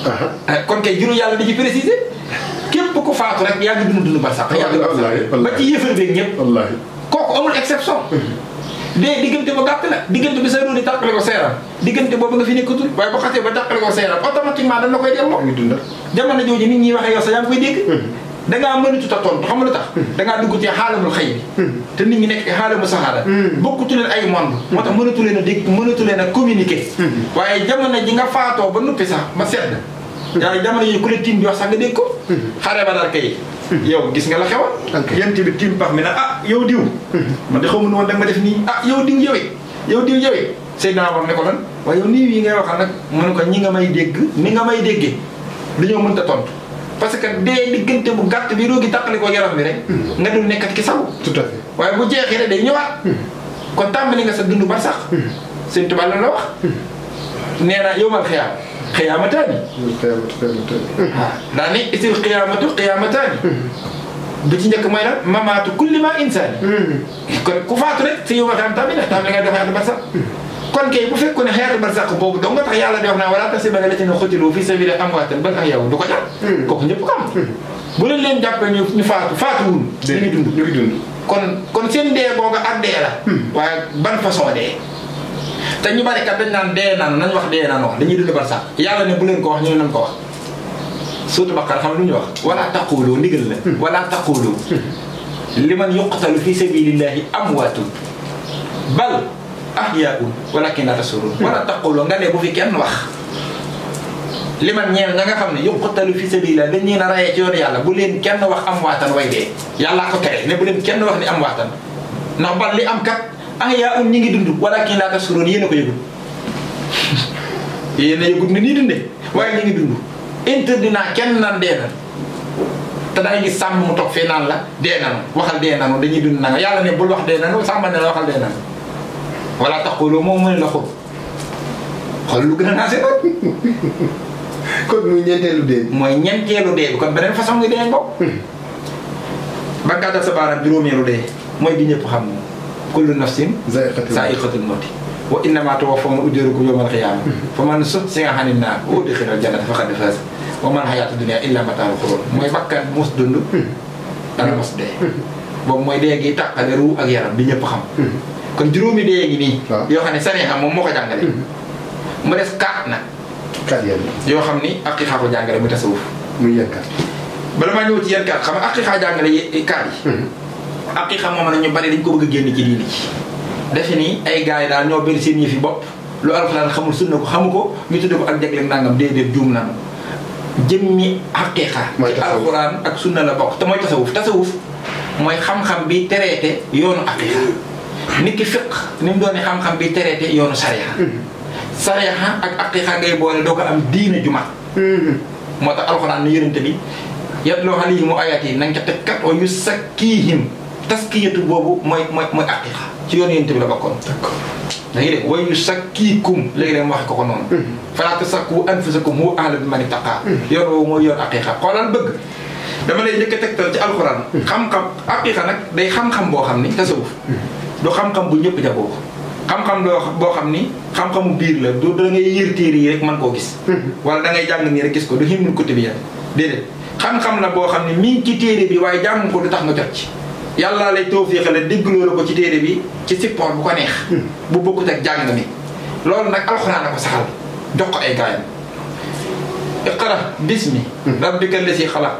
uh-huh. eh, kon kay juru yàlla di ci préciser képp ku faatu rek yaa ngi dund dund bar sax yaa ngi ba ci yëfër beeg ñëpp kooku amul exception uh-huh. dee diggante ba gàtt la diggante bi sa ruu di tàqale ko seeram diggante boobu nga fi nekkatul waaye bu xasee ba tàqale la koy delloo ngi dundal jamono jooju nit ñi waxee yow sa yaa ngi koy dégg hmm. da ngaa mënatut a tontu tax hmm. da ngaa dugg ci xaalamul xëy hmm. mënatu leen a dégg mënatu leen a communiquer waaye jamono ji nga faatoo ba nuppi sax ba sedd yaa jamono yi wax sax nga dégg ko xare ba dar yow gis nga la xewal yéen tamit tiim pax mi na ah yow diw man de xamu woon da nga def nii ah yow diw yowe yow diw yowe sëy naa war ne ko lan waaye yow nii yi ngay waxal nag mu ko ñi nga may dégg ni nga may déggee dañoo mënta tontu parce que dee diggante bu gàtt bi roogi tàqali ko yaram bi rek hmm. nga dul nekkat ki sabu tout à waaye bu jeexee rek day ñëwaat hmm. kon tàmbali nga sa dund ba sax hmm. sëñ tubaab la la wax nee na yow mal xiyaam qiyaamataani. ndax ni isil qiyaamatu qiyaamataani. bi ci njëkk mooy lan mamaatu kulli ma insaani. Hmm. kon ku faatu rek si yow ma daan tàmmi ndax tàmmi nga def xayaatul barsaq. Hmm. kon kay bu fekkoon ne xayaatul barsaq boobu dong nga tax yàlla di wax naa wala tasiba la ci ne xutilu fi sabili amwaatan bal ahyaa'un du ko jàpp. Hmm. kooku ñëpp ko am. bu leen leen jàppee ñu faatu faatu wuñu. ñu ngi dund kon kon seen dee googu ak waaye ban façon dee. te ñu bari kat dañ nan dee naan nañ wax dee naan wax dañuy dund bar sax ne bu leen ko wax ñu nañ ko wax suutu bakkar xam lu ñu wax wala taqulu ndigal la hmm. wala taqulu hmm. liman yuqtalu fi sabilillahi amwatun bal ahyaun walakin la tasurun hmm. wala taqulu nga ne bu fi kenn wax liman ñeel nga nga xam yuqtalu fi sabilillahi. dañ ñeen a ci yoonu yàlla bu leen kenn wax am watan way dee yàllaa ko ne bu leen kenn wax ni am watan ndax bal li am kat ah ñi ngi dund wala kii laata suróon yéen a ko yëgul yéen a nii dundee waaye ñi ngi dund interdit naa kenn naan dee na te da ngay gis sàmm mu toog fee naan la dee nanu waxal dee nanu dañuy dund nanga yàlla la waxal dee nanu tax ko moom mu ne la xool lu gën a naase nag kon muy ñeenteelu dee bi mooy ñeenteelu dee bi kon beneen façon ngi dee ngoog hmm. ba gàttal sa baaraam juróomeelu dee mooy bi ñëpp xam ne kullu nafsin za'iqatul maut wa innama tuwaffawna ujurakum yawmal qiyamah hmm. faman suhsiha 'anil nar udkhila al-jannata faqad faza wa man hayatud dunya illa mata'ul ghurur hmm. mooy bakkan mus dund hmm. dana mos dee boobu mooy dee gi tàqale ruu ak yaram bi ñëpp xam kon juróomi dee ngi na kaat yéen yoo xam ni aqiqa ko jàngale muy tasawuf muy yéen aqiqa moom na ñu bari dañ ko bëgg a génn ci diini ci defe ni ay gars yi daal ñoo bëri seen yëfi bopp lu alxuraan xamul sunna ko xamu ko ñu tudde ko ak jagleeg nangam déedéet juum nanu jëmmi haqiqa ci alquran ak sunna la bokk te mooy tasawuf tasawuf mooy xam-xam bi tereete yoonu haqiqa nit ki fiq ni mu doone xam-xam bi tereete yoonu sariya sariya ak haqiqa ngay boole doo ko am diina juma mm-hmm. moo tax alquran ni yërante bi yatloo alayhim ayaati nanga ca teg kat wa yusakkihim taskiyatu boobu mooy mooy mooy aqiqa ci yoon yéen tamit la bokkoon. d'accord léegi de way yu sakkiikum léegi de mu wax ko ko noonu. Mm-hmm. falaa tasakku anfusakum huwa a'lamu bimani ttaqaa. Mm-hmm. yoon woowu mooy yoon aqiqa xoolal bëgg. dama lay njëkk a tegtal ci alxuraan. Mm-hmm. xam-xam aqiqa nag day xam-xam boo xam ni tasawuf. du xam-xam bu ñëpp jagoo ko. xam-xam boo xam ni xam-xamu biir la du da ngay yër téere yi rek mën koo gis. wala da ngay jàng nii rek gis ko du himnul kutubiyya déedéet xam-xam la boo xam ni mii ngi ci téere bi waaye jàng ko du tax nga jot ci yàlla lay tawfiixale déggloo la ko ci téere bi ci support bu ko neex. Hmm. bu bokkut ak jàng mi. loolu nag alxuraan la ko saxal jox ko ay gaayam. iqra bismi. Hmm. rabbika allasi xalaq.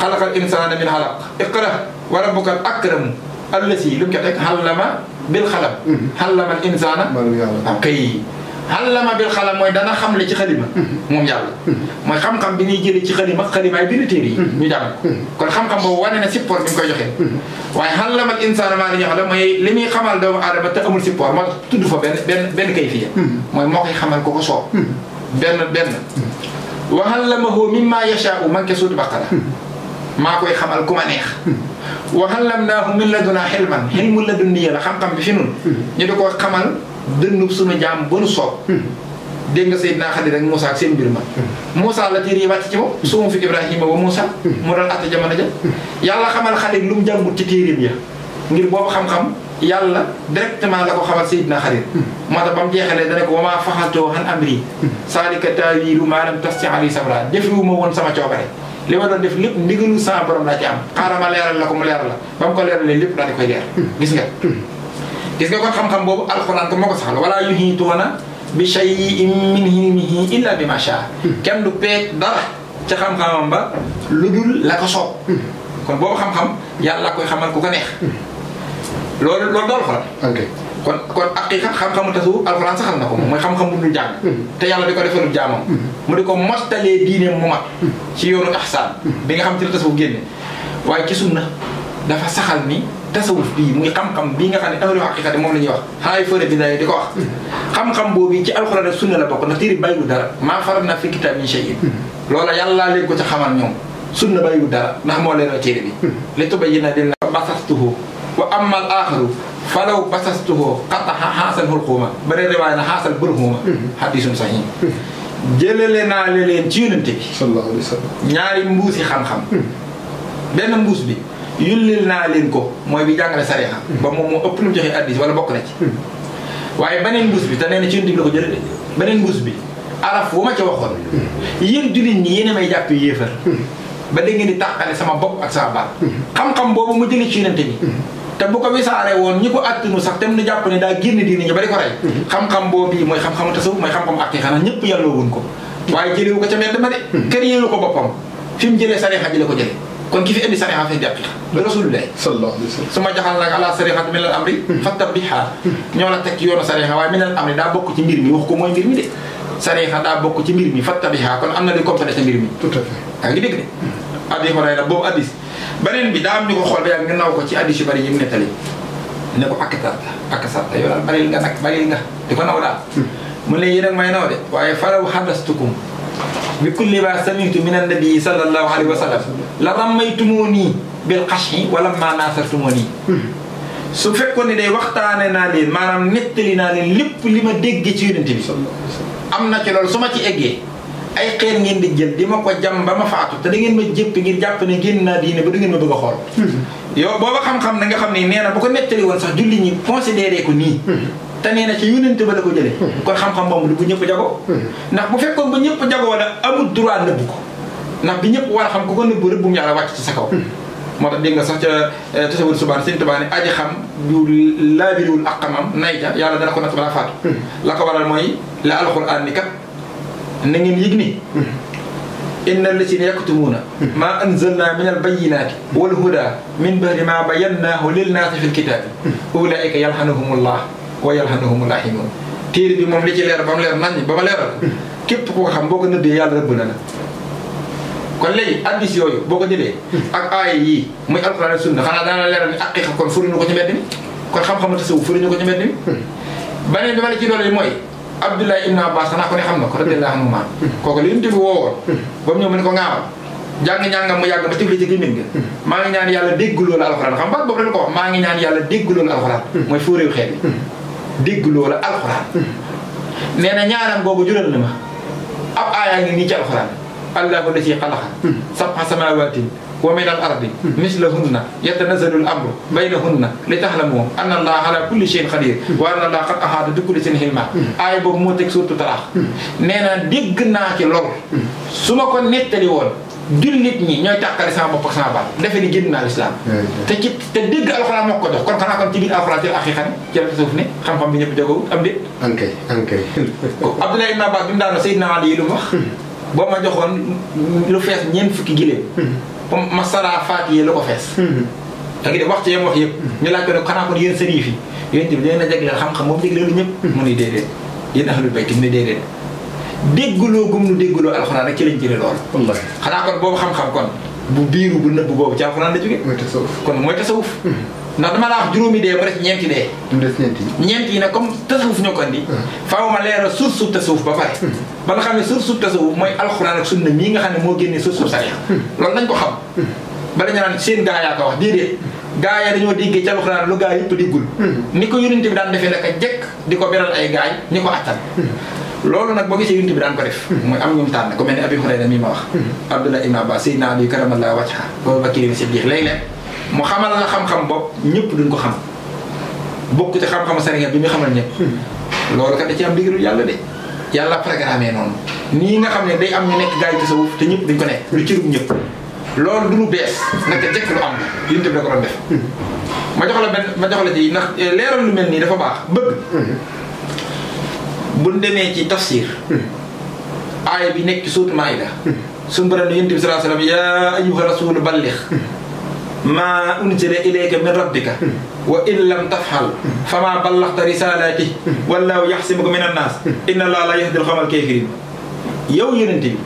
xalaqal insaana min xalaq. iqra wa rabbuka al akramu allasi lu mu ko teg xallama bil xalam. Hmm. xallama al insaana. waaw kay. allama bil xalam mooy dana xam li ci xalima mm-hmm. moom yàlla mm-hmm. mooy xam-xam bi ñuy jëlee ci xalima xalimaay bind téere yi mm-hmm. ñu jàng kon xam-xam boobu wane na support bi ñu koy joxee waaye allamal insaana maa lam mooy li muy xamal doomu aadama te amul support moo tudd fa benn benn benn kay fiya mooy moo koy xamal ko ko soob benn benn wa allamahu mimmaa yashaa'u man ke suutu baqara maa koy xamal ku ma neex wa allamnaahu min ladunaa xilman xilmu ladunniya la xam-xam bi fi nun ñu di ko xamal dënnu sunu jaam ba nu soob. Hmm. dégg nga Seydina Xadir rek Moussa ak seen mbir ma. Hmm. Moussa la tiir yi wàcc ci moom. Hmm. su ma fi Ibrahima ba Moussa. mu doon àtte jamono ja. yàlla xamal lu mu jàngut ci téeréem ya ngir boobu xam-xam yàlla directement la ko xamal Seydina Xadir. moo tax ba mu jeexalee dana ko wamaa faxaltoo xan amri. saalika taawiilu maanaam tas ci ali sabra defewuma woon sama coobare. li ma doon def lépp ndigalu sama borom laa ci am. xaaral ma leeral la ko mu leeral la ba mu ko leeralee lépp daal di koy leer. gis nga. gis nga kon xam-xam boobu alxuraan ko moo ko saxal wala yuhiituuna bi shay'in min ilmihi illa bi ma hmm. kenn du peeg dara ca xam-xamam ba lu jul la ko soob hmm. kon boobu xam-xam yàlla koy xamal ku ko neex hmm. loolu loolu dool xolal kon kon aqiqa xam-xamu tasu alxuraan saxal na ko mooy xam-xam bu dul jàng te yàlla di ko defalul jaamam mu di ko mostalee diine mu mat ci yoonu ihsaan bi nga xam ci la tasu génne waaye ci sunna dafa saxal ni tasawuf bii muy xam-xam bii nga xam ne ahlu haqiqati moom la ñuy wax xam-xam boobu ci alxuraan ak sunna la bokk ndax téere bàyyiwul dara maa faratnaa fi kitaab min shay'in loola yàllaa leen ko ca xamal ñoom sunna bàyyiwul dara ndax moo leen a téere bi li tubayyina lin naas basastuhu wa amma al aaxiru falaw basastuhu qata'a haasal hulquuma bare riwaaya na haasal burhuuma hadiisun sahiih ñaari mbuusi xam-xam benn mbuus bi yullil naa leen ko mooy bi jàngale sariya ba moom moo ëpp lu mu joxe addis wala bokk na ci hmm. waaye beneen mbuus bi te nee na ci yéen digg la ko jële de beneen bi araf wu ma ca waxoon hmm. yéen jullit ñi yéen a may jàpp yéefar hmm. ba da ngeen di tàqale sama bopp ak sama baat xam-xam boobu mu jële ci yonente bi te bu ko wisaare woon ñi ko attinu sax te mu nu jàpp ne daa génn diini ñu bari ko rey xam-xam boobu mooy xam-xamu tasawuf mooy xam-xamu ak ñëpp yàlla woon ko waaye jëlewu ko ca mel dama de kër yéeru ko boppam fi mu jëlee sarixa ji la ko jële kon ki fi indi sariha fi dàq. bi mm. rasulillahi sallallahu alayhi wa sallam. su ma jaxal nag min al amri. Mm. fattab mm. ñoo la teg ci yoonu sariha waaye min al daa bokk ci mbir mi wax ko de. sariha daa bokk ci mbir mi fattab bi kon am na luy complété mbir mi. tout à fait yaa ngi dégg addis beneen bi daa am ñu ko xool ba nga naw ko ci addis yu bëri ñu mu nettali ne ko ak sarta ak baril nga nag baril nga di ko naw daal. mu ne yéen bi kulli ma sami'tu min annabi sallallahu alayhi wa sallam la rammaytumuni bil xashi wala ma nasartumuni su fekkoon ne day waxtaane naa leen maanaam nettali naa leen lépp li ma déggee ci yonent bi am na ci loolu su ma ci eggee ay xeer ngeen di jël di ma ko jam ba ma faatu te da ngeen ma jëpp ngir jàpp ne génn naa diine ba da ngeen ma bëgg xool hmm. yow booba xam-xam da nga xam ne nee na bu ko nettali woon sax julli ñi considéré ko nii hmm. te nee na ci yónnent ba la ko jëlee. kon xam-xam boobu du bu ñëpp jago. ndax bu fekkoon ba ñëpp jagoo la amul droit nëbbu ko ndax bi ñëpp war a xam ku ko nëbbu rek bu mu yàlla wàcc ci sa kaw. moo tax dégg nga sax ca eh, tasawul subaan sëñ Tuubaa ne aji xam du laabiriwul ak xamam nayta yàlla dana ko natt balaa faatu. la ko waral mooy la alxuraan ni kat na ngeen yëg ni. inna allaziina yaktumuuna maa anzalnaa minal bayyinaati wal hudaa min ba'di maa bayyannaahu linnaasi fil kitaabi. ulaaika yalhanuhumullaah wa yarhamuhumul rahimun téere bi moom li ci leer ba mu leer nañ ba ma leeral képp koo xam boo ko nëbbee yàlla rëbb na la kon léegi addis yooyu boo ko jëlee ak aay yii muy alxuraan ak sunna xanaa daana leeral ni aqiqa kon furuñu ko ci mbedd mi kon xam-xam tasawu furuñu ko ci mbedd mi beneen bi ma la ci doole mooy Abdullah ibn Abbas xanaa ko ne xam na ko radiyallahu anhu kooku li ñu defi woowoon ba mu ñëw mu ne ko ŋaawal jàng ñàngam mu yàgg ba tifli ci gémmiñ ga maa ngi ñaan yàlla dégg loolu alxuraan xam baat boobu la ko wax maa ngi ñaan yàlla dégg loolu alxuraan mooy fóoréew xeet bi dégg loola alxuraan. nee na ñaanam googu jural na ma ab aayaa ngi nii ci alxuraan. allahu lasi xalaqa sab'a samaawaati wa min al ardi mislahunna yatanazalu al amru baynahunna li taxlamu anna allaha ala kulli shay'in qadir wa anna allaha qad ahata bi kulli shay'in ilma aay boobu moo teg surtout talaax nee na dégg naa ci lool su ma ko nettali woon jullit ñi ñooy tàqale sama bopp ak sama baat defe ni génn naa lislaam te ci te dégg alxuraan moo ko dox kon xanaa kon ci biir alxuraan ci aqiqa ni ci la tasawuf ne xam-xam bi ñëpp jógewul am déet ankay ankay Abdoulaye Ibn Abbas bi mu daano Seydina Ali yi lu wax hmm. boo ma joxoon lu fees ñeent fukki giléem hmm. ma saraa faatiye lu ko fees da hmm. ngay wax ci yem wax yëpp ñu laaj ko xanaa kon yéen sëriñ yi fi yéen tamit dinañ la jagleel xam-xam moom jégleelu ñëpp mu ni déedéet yéen ahlul déggloo gum nu déggloo alxuraan rek ci lañ jëlee loolu. wallaahi xanaa kon boobu xam-xam kon. bu biiru bu nëbb boobu ci alxuraan la jógee. kon mooy tasawuf. Hmm. ndax dama la wax juróomi dee ba des ñeenti dee. mu des ñeenti yi. yi nag comme tasawuf ñoo ko andi. Hmm. faaw ma leeral source su tasawuf ba pare. Hmm. ba nga xam ne source su tasawuf mooy alxuraan ak sunna mii nga xam ne moo génnee source su sa loolu nañ ko xam. ba dañu naan seen gaa yaa ko wax déedéet. gaa ya dañoo déggee ci alxuraan lu gaa yëpp diggul. ni ko yonent bi daan defee naka jekk di ko beral ay gaay ñi ko attan. loolu nag boo gisee yonent bi daan ko def hmm. mooy am ñum tànn ku mel ni Abi Hurayra mi ma wax hmm. Abdullah ibn Abbas Sayyidina Abi karamallahu wajha Abu Bakr Siddiq léeg xamal la xam-xam bopp ñëpp duñ ko xam bokk ci xam-xamu Sénégal bi muy xamal ñëpp hmm. loolu kat da ci am digalu yàlla de yàlla programme noonu nii nga xam ne day am ñu nekk gaayu tasawuf te ñëpp duñ ko nekk lu ci rub loolu du lu bees naka jëkk lu am yonent bi da ko doon def ma jox la benn ma jox la ji ndax eh, leeral lu mel nii dafa baax bëgg buñ demee ci tafsir aaya bi nekk ci suutu maayda sun borom ne yonte bi salaa salaam rasul hmm. ma unzila ilayka min rabbika hmm. wa in lam tafhal hmm. fama ballaxta risalati wallahu yaxsimuka min annas inna allaha la yahdi alqawma alkafirin yow yonente bi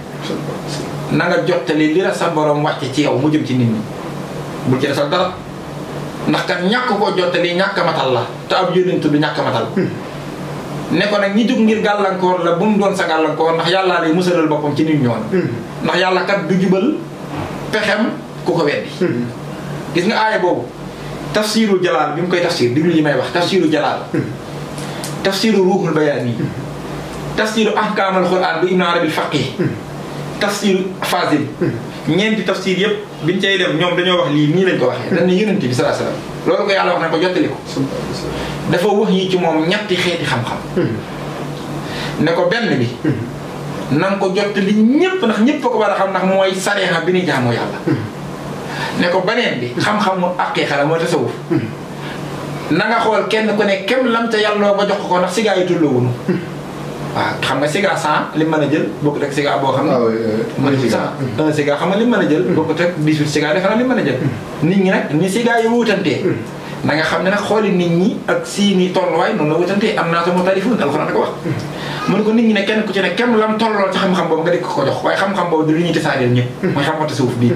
na nga jottali li la sa borom wàcce ci yow mu jëm ci nit ñi bu ci desal dara ndax kan ñàkk matal la ab matal ne nag ñi jóg ngir gàllankoor la bu mu doon sa gàllankoor ndax yàllaa lay musalal boppam ci nit ñoon hmm. ndax yàlla kat du jubal pexem ku ko weddi hmm. gis nga aaya boobu tafsiru jalaal bi mu koy tafsir diglu yi may wax tafsiru jalaal hmm. tafsiru ruuxul bayaan yi tafsiru ahkaamal quraan bu ibnu arabil faqih tafsiru fasil ñeenti tafsir yëpp biñ cay dem ñoom dañoo wax lii nii lañ ko waxee dañ ne yonent bi sallallahu loolu ko yàlla wax na ko jottali ko dafa wax yi ci moom ñetti xeeti xam-xam hmm. ne ko benn bi hmm. na ko jottali ñépp ndax ñépp ko war a xam ndax mooy sareexa bi nu jaamu yàlla hmm. ne ko baneen bi xam-xamu xam aqiiqa la mooy tasawuf na nga xool kenn ku ne kem lam ca yàlloo ba jox ko ndax si gaa yi tulloo wunu waaw ah, xam nga siga 100 lim mën a jël bokkut ak siga boo xam ne ah, mën ci un siga xam nga li mën a jël mm-hmm. bokkut ak 18 siga defe naa li jël mm-hmm. nit ñi nag ni mm-hmm. na nga xam ne nag xooli nit ñi ak siini tolluwaay noonu la wutantee am naa sama tarifuun alxuraan ko wax mën ko nit ñi ne kenn ku ci ne kenn lam tollool ci xam-xam boobu nga di ko jox waaye xam-xam boobu du lu ñuy tasaareel ñëpp mooy xam-xam tasawuf bii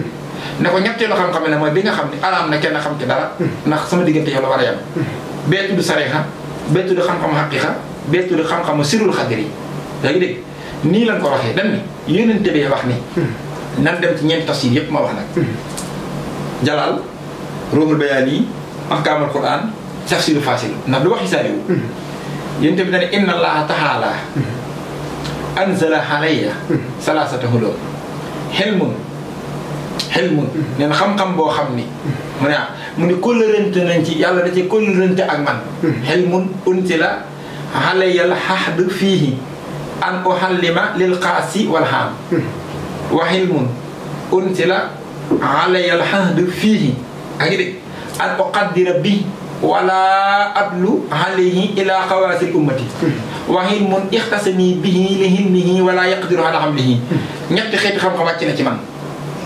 ne ko ñetteelu xam-xam ne mooy bi nga xam ne alaam na kenn xam ci dara ndax sama diggante yow la war a yem bee tudd sareexa bee tudd xam-xam bee tudd xam-xamu sirul xadir Lagi yaa ngi dégg nii lañ ko waxee dan ni yonente bee wax ni hmm. nan dem ci ñeenti tafsir ma wax nag hmm. jalal ruhul bayaan yi ahkaamul quran tafsiru fasil ndax du wax isaaniwu hmm. yonente bi dane inna allaha taala anzala alayya salaasata hulum xelmun xelmun neen xam-xam boo xam ni mu ne ah, mu ni kóllërante nañ ci yàlla da ci kóllërante ak man xelmun unsila xaleyal xaxd fiihi an uxallima lil qaasi wal xaam waxil mun unsila xaleyal xaxd fiihi a ngi dégg an uqaddira bi wala ablu alayhi ila xawaasil ummati waxil mun ixtasani bihi li hilmihi wala yaqdiru ala xamlihi ñetti xeeti xam-xam wàcc na ci man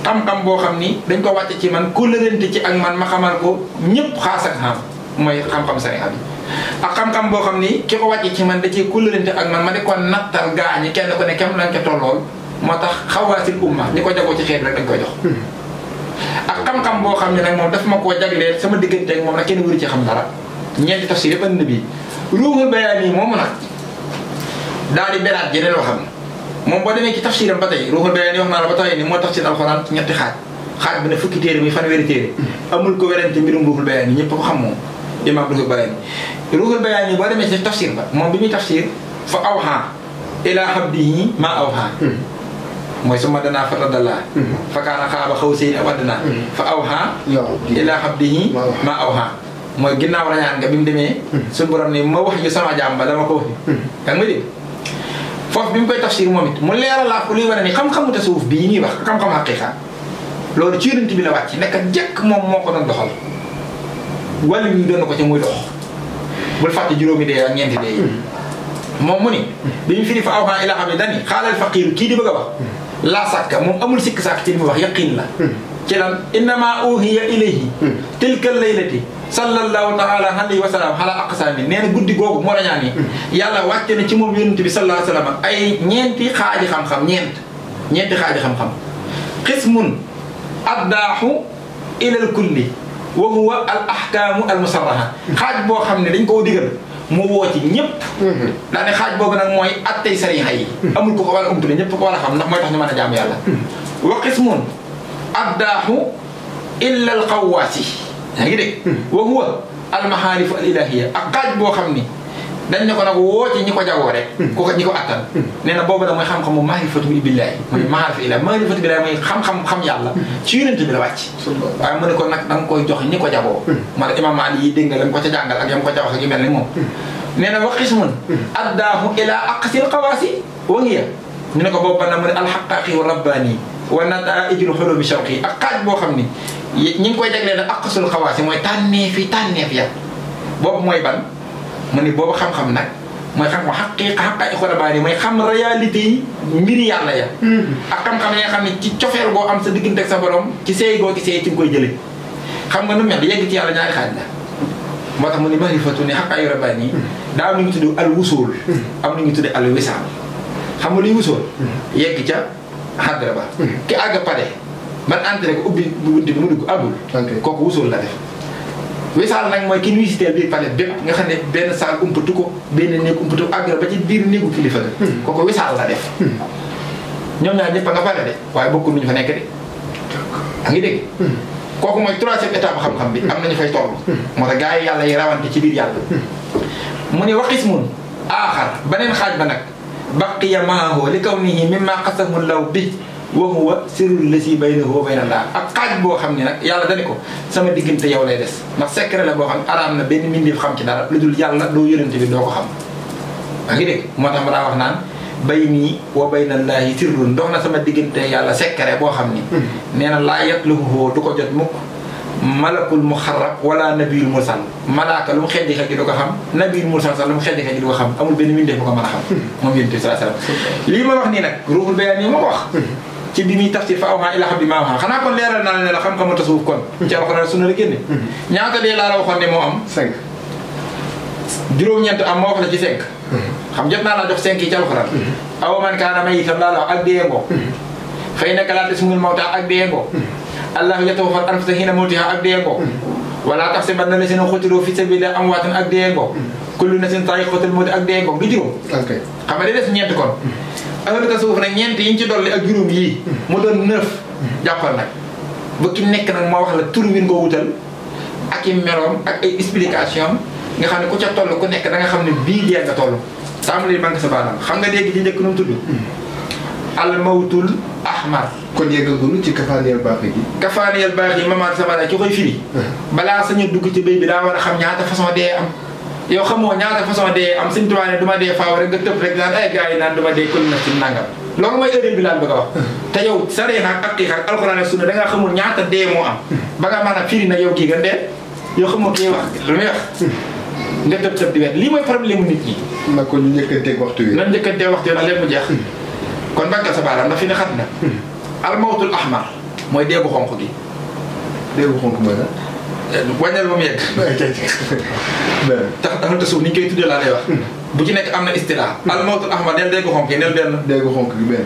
xam-xam boo xam ni dañ ko wàcce ci man ku lërante ci ak man ma xamal ko ñëpp xaas ak xam xam-xam Sénégal bi ak xam-xam boo xam ni ki ko wàcc ci man da ciy kullalante ak man ma di ko nattal ñi kenn ko ne kem lañ ca tollool moo tax xawaasil umma ñi ko jagoo ci xeet rek dañ koy jox hmm. ak xam-xam boo xam ne rek moom daf ma koo jagleel sama diggante ak moom nag kenn wuri ci xam dara ñeenti tafsir yëpp ënd bi ruuxul bayaan yi moomu nag daal di beraat jeneen loo xam moom boo demee ci tafsiram ba tey ruuxul bayaan yi wax naa la ba tey ni moo tafsir alxuraan ci ñetti xaaj xaaj bi ne fukki téere muy fanweeri téere hmm. amul ko werante mbirum ruuxul bayaan yi ñëpp ko xam moom imaam Ruuhul Bayaan Ruuhul Bayaan yi boo demee ci tafsir ba moom bi muy tafsir fa awhaa ilaa abdihi maa awhaa mooy suma danaa fa radalaa fa kaana xaaba xawsayni aw adnaa fa awhaa ilaa a maa mooy ginnaaw rayaan nga bi mu demee hmm. suñu ma wax yu sama jaam ba la ma ko wax hmm. yaa ngi ma dégg foofu bi mu koy tafsir moom it mu leeralaa ko luy wane ni xam-xamu tasawuf bii ñuy wax xam-xam xaqiiqa loolu ci yonent bi la wàcc nekk jëkk moom moo ko doon doxal wàllu yu doon ko ca muy dox bul fàtte juróomi dee ak hmm. moom mu ni bi ñu firi fa aw xaa ila xam ne dani xaalal kii di bëgg a la hmm. laa sàkka moom amul sikk sàkk ci li mu wax yaqiin la hmm. ci lan innama uhiya ilayhi tilka laylati sallallahu taala alayhi wa sallam xala aqsaami nee na guddi googu moo rañaan yi yàlla wàcce na ci moom yonent bi sallallahu alayhi wa sallam ay ñeenti xaaji xam-xam ñeent ñeenti xaaji xam-xam xismun addaaxu ilal kulli وهو الاحكام المصرحه خاج بو خامني دنج كو ديغال مو ووتي نييب داني خاج بو نا موي اتاي سري هاي امول كو وارا امتو نييب كو وارا خام نخ موي تخ ني مانا جام يالا وقسم ابداح الا القواسي هاغي يعني وهو المحارف الالهيه اقاج بو خامني dañ ne ko nag woo ci ñi ko jagoo rek. Hmm. ku ko ñi ko attan. Hmm. nee na boobu nag xam xam-xamu maarifatu billaahi. mooy hmm. maarifa ilaa maarifatu billaahi mooy xam-xam xam yàlla. ci yonent bi mu ne ko nag da nga koy jox ñi ko jagoo. ma ne imaam Ali yi dégg nga la mu ko ca jàngal ak ko ca wax ak yu mel moom. nee na wa qismun addaahu ilaa aqsil qawaasi wa ngiya ñu ne ko boobu nag mu ne alxaqaaqi wa rabbaani wa nataa'ijul xulubi shawqi ak xaaj boo xam ni ñi ngi koy jagleel aqsul qawaasi mooy tànneef yi tànneef ya boobu mooy ban mu ne boobu xam-xam nag mooy xam ko xaqiiqa xaqaa ixwarabaani mooy xam réalité yi mbiri yàlla ya mm-hmm. ak xam-xam ya nga xam ne ci cofeel goo am sa diggante ak sa boroom ci seey goo ci seey ci nga koy jële xam nga nu mel yegg ci yàlla ñaari xaaj la moo tax mu ni marifatu ni xaqaa ixwarabaani daa am lu ñu al wusuul am lu ñu tudd al wisaal xam nga luy wusuul mm-hmm. yegg ca xadra ba mm-hmm. ki àgg pare man entré ko ubbi bunti bi mu dugg abul kooku wusuul la def wisaal nag mooy ki nuy siteel biir palais bépp nga xam ne benn saal umpatu ko benn néeg umpatu àgg na ba ci biir néegu kilifa ko ko wisaal la def hmm. ñoom ñaar ñëpp a nga pare de waaye bokkul ñu fa nekk de a ngi dégg hmm. kooku mooy troisième étape xam-xam bi hmm. am nañu fay toll moo tax gars yi yàlla yi rawante ci biir yàlla mu ne waxis mun aaxar beneen xaaj ba nag baqiya maahu li kaw nii mimma qasamu law bi wa huwa sirrul lasi baynahu wa bayna Allah ak xaaj boo xam ne nag yàlla dani ko sama diggante yow lay des ndax secret la boo xam ne araam na benn mbindeef xam ci dara lu dul yàlla doo yonente bi doo ko xam maa ngi dégg moo tax ma daa wax naan bayni wa bayna Allahi sirrun ndox na sama diggante yàlla secret boo xam ni hmm. nee na laa yatluhu du ko jot mukk malakul muxarrab wala nabiyul mursal malaaka lu mu xeddi xeddi du ko xam nabiyul mursal lu mu xeddi xeddi du ko xam amul benn mbindeef bu ko mën a xam hmm. moom yonente bi sallallahu alayhi wasallam lii ma wax nii nag ruuxul bayaan yi ma ko ci bi muy taf ci fa awxaa ila xam bi maa waxaa xanaa kon leeral naa ne la xam-xamu tasawuf kon hmm. ci alxuraan sunna la génne hmm. ñaata dee laa la waxoon ne moo am cinq juróom-ñeent am moo wax la ci cinq hmm. xam jot naa la jox cinq yi ci alxuraan awa man may itam laa la wax ak dee ngoo fay naka laa tasmul mawta ak dee ngoo allahu yatawaffa anfusa hiina mawtihaa ak dee ngoo wala tahsabanna llaziina qutiluu fii sabiilillaahi amwaatan ak dee ngoo kullu nafsin zaa'iqatul mawti ak dee ngoo du juróom xam nga day des ñeent kon ahlu tasawuf nag ñeent yi ñu ci dolli ak juróom yii mu doon neuf jàppal nag ba ki nekk nag ma wax la tur wi nga wutal ak i meloom ak ay explication nga xam ne ku ca toll ku nekk da nga xam ne bii dee nga toll tàmbali banque sa baaraam xam nga léegi ci njëkk nu mu tudd almawtul ahmar kon yeggagul ci kafaaniyal baax yi kafaaniyal baax yi maman samara ci koy firi balaa sañu dugg ci béy bi daa war a xam ñaata façon dee am yow xamoo ñaata façon dee am Sëñ Tuubaa ne du ma dee faaw rek nga tëb rek naan ay eh, gars yi naan dee kulli na ci nangam mooy erreur bi laan bëgg a te yow sa dee nag ak ak alxuraan ak sunna da ngaa xamul ñaata dee moo am ba maa maanaam firi na yow kii nga dee yow xamoo kii wax lu muy wax nga tëb tëb di wet lii mooy problème nit ñi na ko ñu njëkkanteeg waxtu wi nan njëkkanteeg waxtu wi ndax lépp mu jeex kon bàggal sa baaraam ndax fi ne xat na hmm. almawtul ahmar mooy dee bu xonq gi dee bu xonq wàññal ba mu yegg. tax taxal te suuf ni ñu koy laa lay wax. Hmm. bu ci nekk am na istila. Hmm. almawtul ahmar neel déggu xonk yi neel benn. déggu xonk gi benn.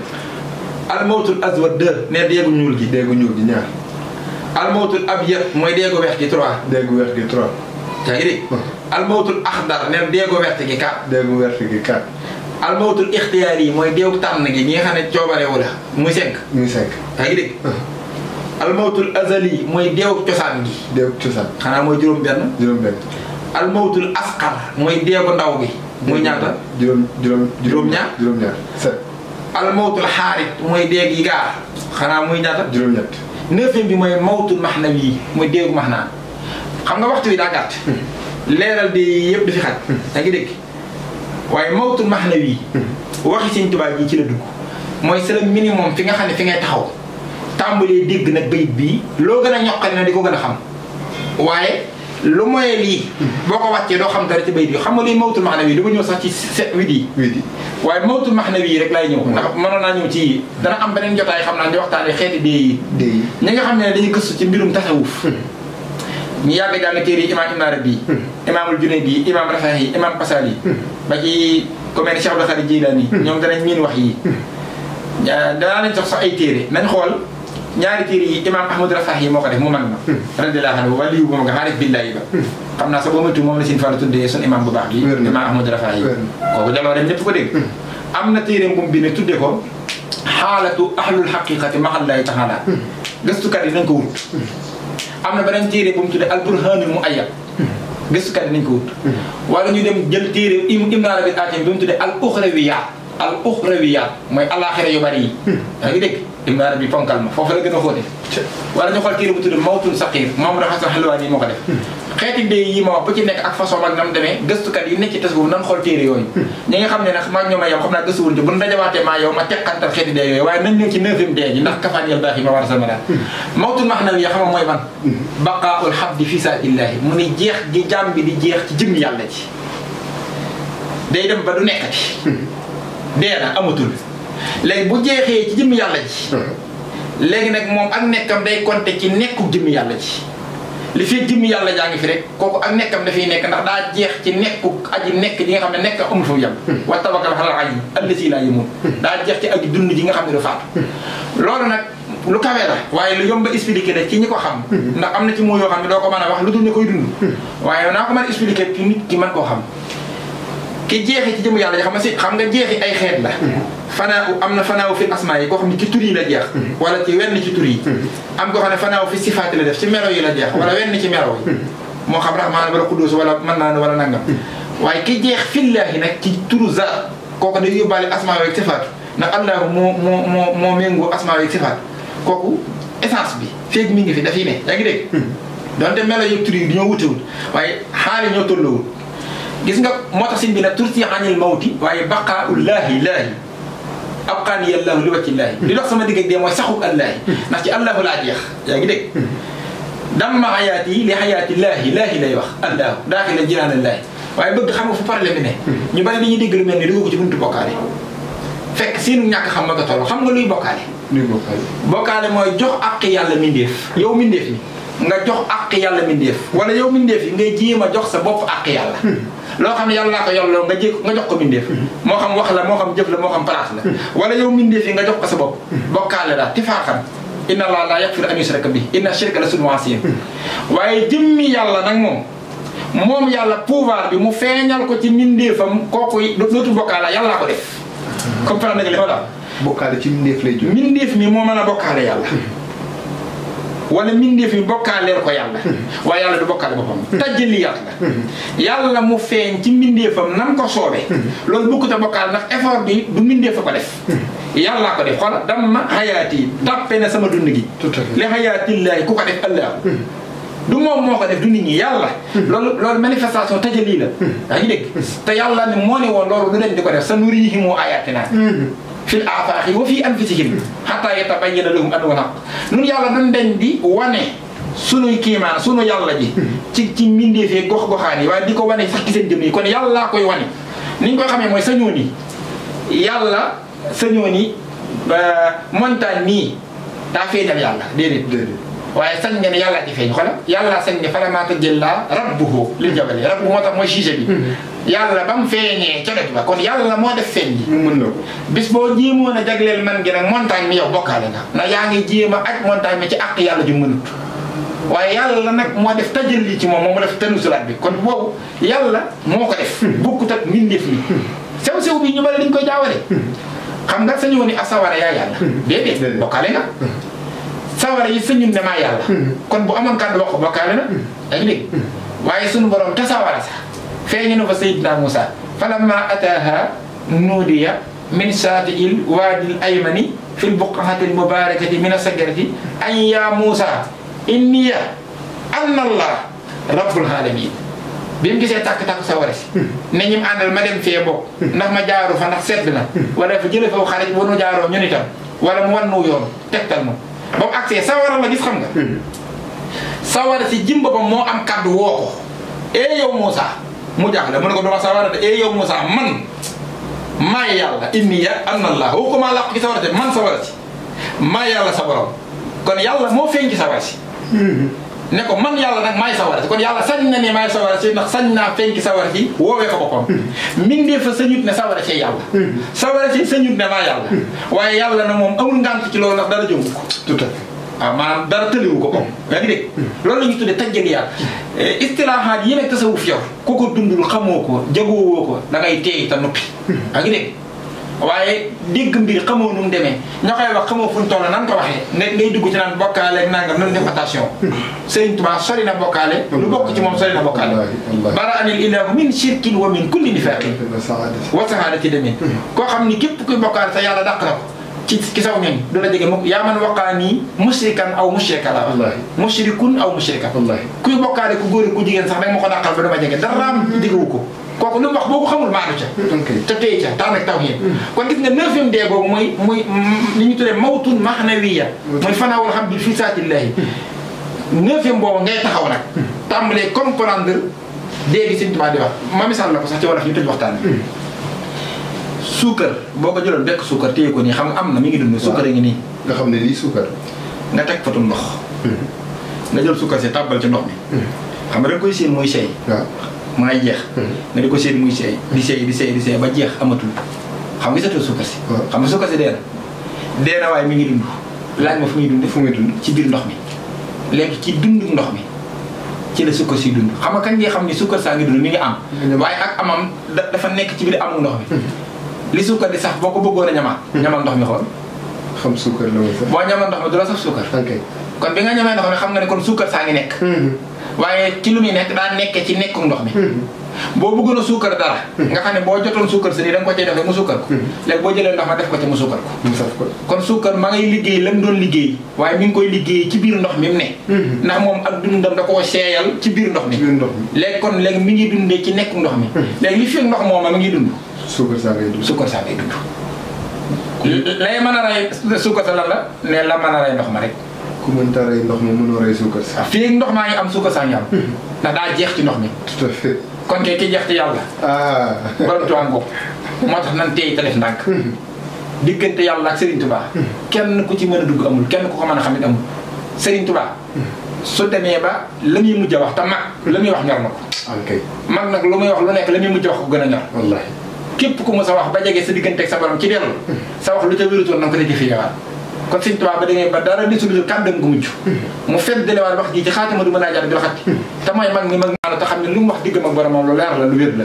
almawtul azwad deux neel déggu ñuul gi. déggu ñuul gi ñaar. almawtul abyad mooy déggu weex gi trois. déggu weex gi trois. yaa ngi dégg. Hmm. almawtul axdar neel déggu weex gi quatre. déggu weex gi quatre. almawtul ixtiyaar yi mooy déewu tànn gi ñi nga xam ne coobaree muy cinq. muy cinq yaa ngi dégg. al mawtul azali mooy deewu cosaan gi deewu cosaan xanaa mooy juróom benn juróom benn al mawtul asqal mooy deewu ndaw gi muy ñaata juróom juróom juróom ñaar juróom ñaar set al mawtul xaarit mooy deeg yi gaar xanaa muy ñaata juróom ñett neuvième bi mooy mawtul mahnawi mooy deegu mahnaan xam nga waxtu wi daa gàtt hmm. leeral de yëpp du fi xaj da hmm. ngi dégg waaye mawtul mahnawi hmm. waxi sëñ tubaab yi ci la dugg mooy c'est minimum fi nga xam fi ngay taxaw tàmbalee dégg nag bayit bii loo gën a ñoqali na di ko a xam waaye lu mooy lii boko ko wàccee doo xam dara ci bayit bi xam nga lii mawtul maxnawi lu ma ñëw sax ci set wit yi wit yi waaye mawtul maxnawi rek laay ñëw ndax ci dana am beneen jotaay xam naa di waxtaanee xeeti dee yi ñi nga xam ne dañuy gëstu ci mbirum tasawuf hmm. ñu yàgg jàng téere yi imaam Ibn Arabi hmm. imaamul Junayd imaam Rafahi imaam Qasali hmm. ba ci ku ni Cheikh Abdul Xaadir Jilaani ñoom danañ wax yi danaa lañ sax sax ay ñaari téere yi imam ahmadou rafahi yi moo ko def mu mag ma hmm. radiyallahu anhu wàlli yu moom nga xaarif billahi ba hmm. xam naa sa boo moytu moom la sin fàllu tuddee sun imam bu baax bi imam ahmadou rafahi yi kooku jaloo rek ñëpp ko dégg hmm. am na téere bu mu bind tuddee ko xaalatu ahlul yi nañ ko wut am na beneen téere bu mu tuddee al burhanul mu ayyad gëstukat yi nañ ko wut wala ñu dem jël téere ibn arabi al-hatim bi mu tuddee al uxrawiyaat mooy alaaxira yu bari yi. Hmm. yaa ngi dégg Ibn Arabi ponkal ma foofu la a xóote. wala ñu xool téere bu tudd moo ko def. Hmm. xeeti mbéy yi ma wax bu ci nekk ak façon ak nam demee gëstukat yi nekk ci tas boobu nan xool téere yooyu. Hmm. ñi nga xam ne nag maa ñoom a yow xam naa gëstuwul ci bu ñu dajawaatee maa yow ma teqantal xeeti dee yooyu waaye nañ ñëw ci neuvième dee ji ndax kafaan yal baax yi ma war a sama daal mawtul mahnawi xam nga mooy ban baqaaul xabdi fi saatillahi mu ni jeex gi jàmm bi di jeex ci jëmm yàlla ji day dem ba du nekkati dee na amatul léegi bu jeexee ci jëmm yàlla ji hmm. léegi nag moom ak nekkam day compter ci nekku jëmm yàlla ji li fi jëmm yàlla jaa ngi fi rek kooku ak nekkam dafay nekk ndax daa jeex ci nekku aji nekk ji nga xam ne nekk amul foofu yam hmm. wa tawakkal alal aji allati laa yamuut hmm. daa jeex ci aji dund ji nga xam ne du faatu loolu nag lu kawee la waaye lu yomb a expliqué ci ñi ko xam ndax am na ci moo yoo xam ne doo ko mën a wax lu dul ne koy dund waaye naa ko mën a expliqué ci nit ki mën koo xam ki jeexi ci jëmu yàlla yi xam nga si xam nga jeexi ay xeet la mm-hmm. fanaaw am na fanaaw fi asmaa yi koo xam ne ci tur yi la jeex mm-hmm. wala wenn ci tur yi mm-hmm. xam ne fanaaw fi sifaati la def ci melo yi la jeex moo xam raxmaan wala xudduus wala mën naa nangam waaye ki jeex fillaahi nag ci turu za kooku day yóbbaale asmaa weeg sifaat ndax allahu moo moo moo moo méngoo asmaa weeg sifaat kooku essence bi feeg mi ngi fi dafiy ne yaa ngi dégg donte melo yëpp tur yi dañoo wutewul waaye xaali ñoo tolloowul gis nga moo tax sëñ bi nag turti anil mawti waaye baqaau laahi laahi abqaani yallaahu li wacci laahi li dox sama digg ak dee mooy saxuk allaahi ndax ci allaahu laa jeex yaa ngi dégg damma xayaat yi li xayaati laahi laahi lay wax allaahu daaxi la jiraan laahi waaye bëgg xam nga fu parle bi ne ñu bari dañuy dégg lu mel ni dugg ci buntu bokkaale fekk seen ñàkk xam nga ko toll xam nga luy bokkaale luy mooy jox àq yàlla mindeef yow mindeef ni nga jox àq yàlla mindeef wala yow mindeef yi ngay jéem a jox sa bopp àq yàlla loo xam ne yàlla laa ko yolloo nga jéem nga jox ko mindeef moo xam wax la moo xam jëf la moo xam place la wala yow mindeef yi nga jox ko sa bopp bokkaale la tifaaxan inna laa laa yaxfiru an yusraka bi inna shirka la zulmun asiim waaye jëmmi yàlla nag moom moom yàlla pouvoir bi mu feeñal ko ci mindeefam kooku dootul bokkaale yàlla ko def comprendre nga li ma la bokkaale ci mindeef lay jóg mindeef mi moo mën a bokkaale yàlla wala mindeef yu bokkaaleer ko yàlla waaye yàlla du bokkaale boppam tajjaliyaat la yàlla mu feeñ ci mindeefam nam ko soobee loolu bukkute bokkaale ndax effort bi du mindeef a ko def yàllaa ko def xoola damma xayaat yi tàppe na sama dund gi li xayaatillaahi ku ko def allah du moom moo ko def du nit ñi yàlla loolu loolu manifestation tajali la yaa ngi dégg te yàlla ne moo ne woon loolu du dem di ko def sa nurihimu ayaatinaa fil afaaqi wa fi anfusihim xataa yatabayyana a annahu al-haqq nun yàlla dañ dañ di wane sunuy kiimaan sunu yàlla ji ci ci mbindeefee gox goxaan yi waaye di ko wane sax ci seen jëm yi kon yàllaa koy wane ni ñu koy xamee mooy sañoon yi yàlla sañoon yi montagne nii daa feeñal yàlla déedéet déedéet waaye sañ ngeen yàllaa ci feeñ xoolal yàllaa sañ ne falamaa tajallaa rabbuhu lil jabali rabbu moo tax mooy juge bi. Mhm. yàlla ba mu feeñee ca doj ba kon yàlla moo def feeñ ji. mun na ko bis boo jéemoon a jagleel man gi nag yow bokkaale nga. ndax yaa ngi jéem a aj montagne mi ci àq yàlla ju mënut. waaye yàlla nag moo def tajalli ci moom moom mu def tanusulaat bi kon boobu yàlla moo ko def. Mhm. bokkut ak mbindeef mi. Mhm. sew sew bi ñu bari dañ koy jaawale. xam nga sañoo ni asawara yaa yàlla. déedéet bokkaale nga. sawara yi sañun ne maa hmm. kon bu amoon kàddu wax ko bokkaale na hmm. ak dégg hmm. waaye suñu borom te sawara sax feeñu na fa falamma min saati il waadil aymani fil buqaatil mubarakati min asagarati Musa, yaa Moussa inniya anna allah rabbul alamin bim mu gisee tàkk sawara si ne ñim àndal ma dem fee bokk ndax ma jaaru fa ndax sedd na wala fa jële faw xarit ñun itam wala mu yoon ba mu àggsee sawara la gis xam nga. Hmm. sawara si jim boppam moo am kàddu woo ko. ee eh yow Moussa mu jaaxle mu ne ko dama sawara de ee eh yow Moussa man maay yàlla inni ya am na laa woo ko maa làq ci sawara si man sawara si maay yàlla sa kon yàlla moo feeñ ci sawara si. Hmm. ne ko man yàlla nag maay sawara si kon yàlla sañ na ne maay sawara si ndax sañ naa fenki sawara si woowee ko boppam hmm. mbindeef fa sañut ne sawara si yàlla hmm. sawara si sañut ne maa yàlla hmm. waaye yàlla na moom amul ngànt ci loolu ndax dara jëmu ko tout ah, dara tëliwu ko ko yaa dégg loolu la ñu tuddee tajjag yàlla eh, istilaahaat yi nag tasawuf yow ku ko dundul xamoo ko jagoo woo ko da ngay teey te noppi dégg waaye dégg mbir xamoo nu mu demee ña koy wax xamoo fu ñu ko waxee nekk ngay dugg ci naan bokkaale ak nangam nan def attention Sëriñ Tuubaa na bokkaale lu bokk ci na bokkaale bara anil ilahu min shirkin wa min kulli nifaaqin wa sahaadati demin koo xam ni képp kuy bokkaale sa yàlla dàq na ko ci ki saw ñoñ du la jege mukk yaa man waqaa nii mushrikan aw mushrika la wax mushrikun aw mushrika kuy bokkaale ku góor ku jigéen sax nag ma ko dàqal ba dama jege daraam digawu ko kooku lu mu boobu boo ko xamul maanu ca. te téye ca tax nag taw yéen. kon gis nga neuvième dee boobu mooy mooy li ñu tuddee mawtun maxnawiya. mooy fanaawul xam bi fii saatillahi. neuvième boobu ngay taxaw nag. Hmm. tàmbalee comprendre dee gi Sëñ Tuubaa di wax ma misaal la ko sax ci wolof ñu tëj waxtaan hmm. suukar boo ko jëloon bekk suukar téye ko nii xam nga am na mi ngi dund. waaw suukar a ngi nii. nga xam ne lii suukar. nga teg fa tuut ndox. Hmm. nga jël suukar si tàbbal ci ndox mi. xam nga da nga koy séen muy seey. maa jeex. nga di ko séen muy seey. di seey di seey di seey ba jeex amatul xam nga jotoo suukar si. xam nga suukar si dee na. dee na waaye mi ngi dund laaj ma fu muy dund fu muy dund ci ndox mi ci dund ndox mi ci la dund xam nga ngay xam ni ngi dund mi ngi am. waaye ak amam dafa nekk ci biir amu ndox mi. li suukar di sax boo ko bëggoon a ñamaat. ñamal ndox mi xool. xam suukar la muy sax boo ndox mi sax kon bi nga ndox mi xam nga kon ngi nekk. waaye ci lu muy nekk daa nekkee ci nekkum ndox mi mhm. boo bëggoon suukar dara mhm. nga xam ne boo jotoon suukar sa nii da nga ko cay def rek mu suukar ko mhm. léegi boo jëlee ndox ma def ko ci mu kon suukar ma ngay liggéey lan doon liggéey waaye mi ngi koy liggéey ci biir ndox mi mu ne ndax moom ak dundam da koo seeyal ci biir ndox mi léegi kon léegi mi ngi dundee ci nekkum ndox mi léegi li fi ndox moom ma mi ngi dund suukar saa ngay dund suukar saa ngay dund lay mën a rey suukar sa lan la ne la mën a rey ndox ma rek ku mënta rey ndox ma mënoo rey suukar saa. fii ndox maa ngi am suukar saa ngi am. Hmm. ndax daa jeex ci ndox mi. tout à fait. kon kay ki jeex ci yàlla. ah. borom tuwaan ko moo tax nan tey te ndànk. Hmm. diggante yàlla ak Serigne Touba. Hmm. kenn ku ci mën a dugg amul kenn ku ko mën a xam it amul Serigne Touba. su demee ba la muy mujj a wax te mag la muy wax ñor ma ko. Ah, ok mag nag lu muy wax lu nekk la muy mujj wax ko gën a ñor. wallaahi képp ku mu sa wax ba jege sa diggante sa borom ci sa wax lu ca wérutoon na nga ko ci kon sëñ Tuubaa ba demee ba dara a lu kàddu nga mujj mu fekk delewaat wax ji ci xaatima du a te mooy mag mi te xam ne lu mu wax diggam ak boromam lu leer ne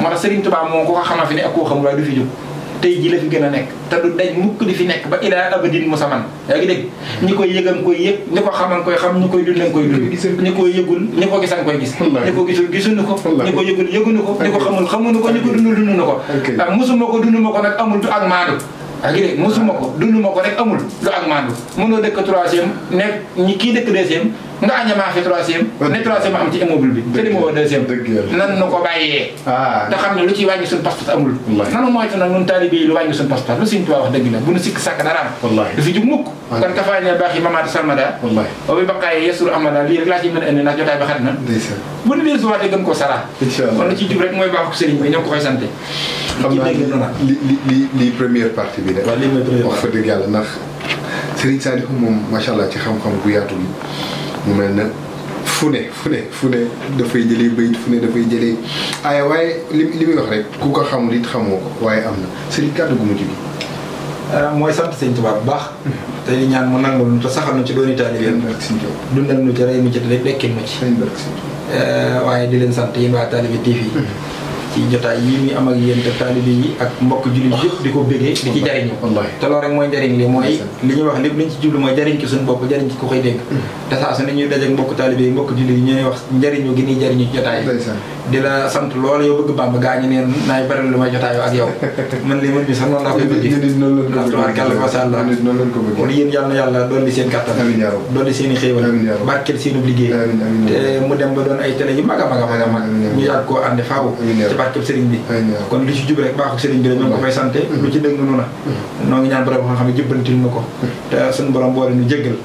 ak koo xamul waaye la fi gën a nekk te fi nekk ba ila abadin musaman yaa hmm. ko xaman koy xam ñi ko gisan koy gis ko ko ñi ko yëgul yëguñu ko ñi ko xamul xamuñu ko ñi ko dund ah, musuma ko dund ma ko nag amul du ak maadu ak léegi mosuma ko dund ma ko rek amul. ak mandu mëno dëkk 3e nek ñi ki dëkk 2e nga aña ma fi 3e ne 3e am ci immeuble bi te di 2e nan nako baye ah da xamne lu ci wañi sun pass amul nanu moytu nak nun talibi lu wañi sun pass lu señ tuwa wax deug la bu nu sik sak dara du fi jum mukk kan ka faña baxi mamad salmada wallahi o bi baqay amala li rek la ci mëna ene nak jotay ba xatna bu gën ko sara inshallah kon ci jub rek moy baxu serigne bi ñoko koy santé xam na li li li première partie bi wax deug yalla Serigne Saliou moom macha allah ci xam-xam bu yaatu bi mu mel na fu ne fu ne fu ne dafay jëlee bayit fu ne dafay jëlee aaya waaye li li muy wax rek ku ko xamul it xamoo ko waaye am na Serigne kàddu gu mujj bi. Euh, mooy sant Serigne Touba bu baax. Hmm. te li ñaan mu nangul nu te saxal nu ci dooni taalibe yéen ak Serigne Touba dundal nu ci rey nu ci rek dekkil nu ci. waaye di leen sant yéen waa Talibe TV. Hmm. ci jotaay yi muy am ak yéen te taalibe yi ak mbokk jullit yëpp di ko bégee di ci jariñu te loolu mooy njariñ li mooy li ñuy wax lépp liñ ci jublu mooy jariñ ci suñu bopp jariñ ci ku koy dégg mm. te saa su ne ñuy dajeeg mbokk taalibe yi mbokk julli yi wax njëriñu gi nii jëriñu jotaay di la sant lool yow bëgg Bàmba gaa ñi ne naay baral lu may ak yow man lii man bi sax noonu koy bëgg ndax tubaarkàlla masha Allah kon yéen yàlla na yàlla dolli seen kàttan dolli seen i xéewal barkeel seen ub liggéey te mu dem ba doon ay télé yu mag a mag ñu yàgg koo àndi faaw ci sëriñ bi kon li ci rek sëriñ bi rek ñu ko fay lu ci dëng nu na ngi ñaan borom xam suñu borom boole jéggal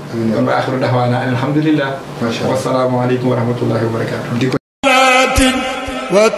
alhamdulilah. macha allah wasalaamualeykum wa rahmatullahi wa barakaatu. wa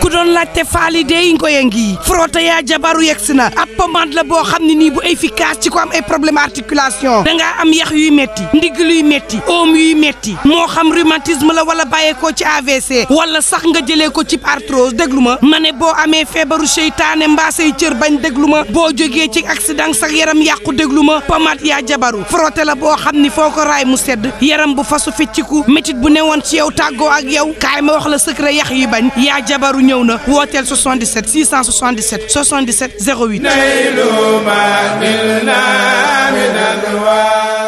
ku doon laajte faali dey ngoya ngi frotté yaa jabaru yegsi na ab pommade la boo xam ne nii bu efficace ci ko am ay problème articulation dangaa am yax yuy metti ndigg luy metti oom yuy metti moo xam rhumatisme la wala bàyyeekoo ci AVC wala sax nga jëlee ko ci arthrose déglu ma ma ne boo amee feebaru seytaane mbaa cër bañ déglu ma boo jógee ci accident sax yaram yàqu déglu ma pommade yaa jabaru frotté la boo xam ni foo ko raay mu sedd yaram bu fasu fecciku métit bu newoon ci yow yow tàggoo ak yow kaay ma wax la secret yi bañ yaa jabaru ñëw na wooteel 77 677 77 08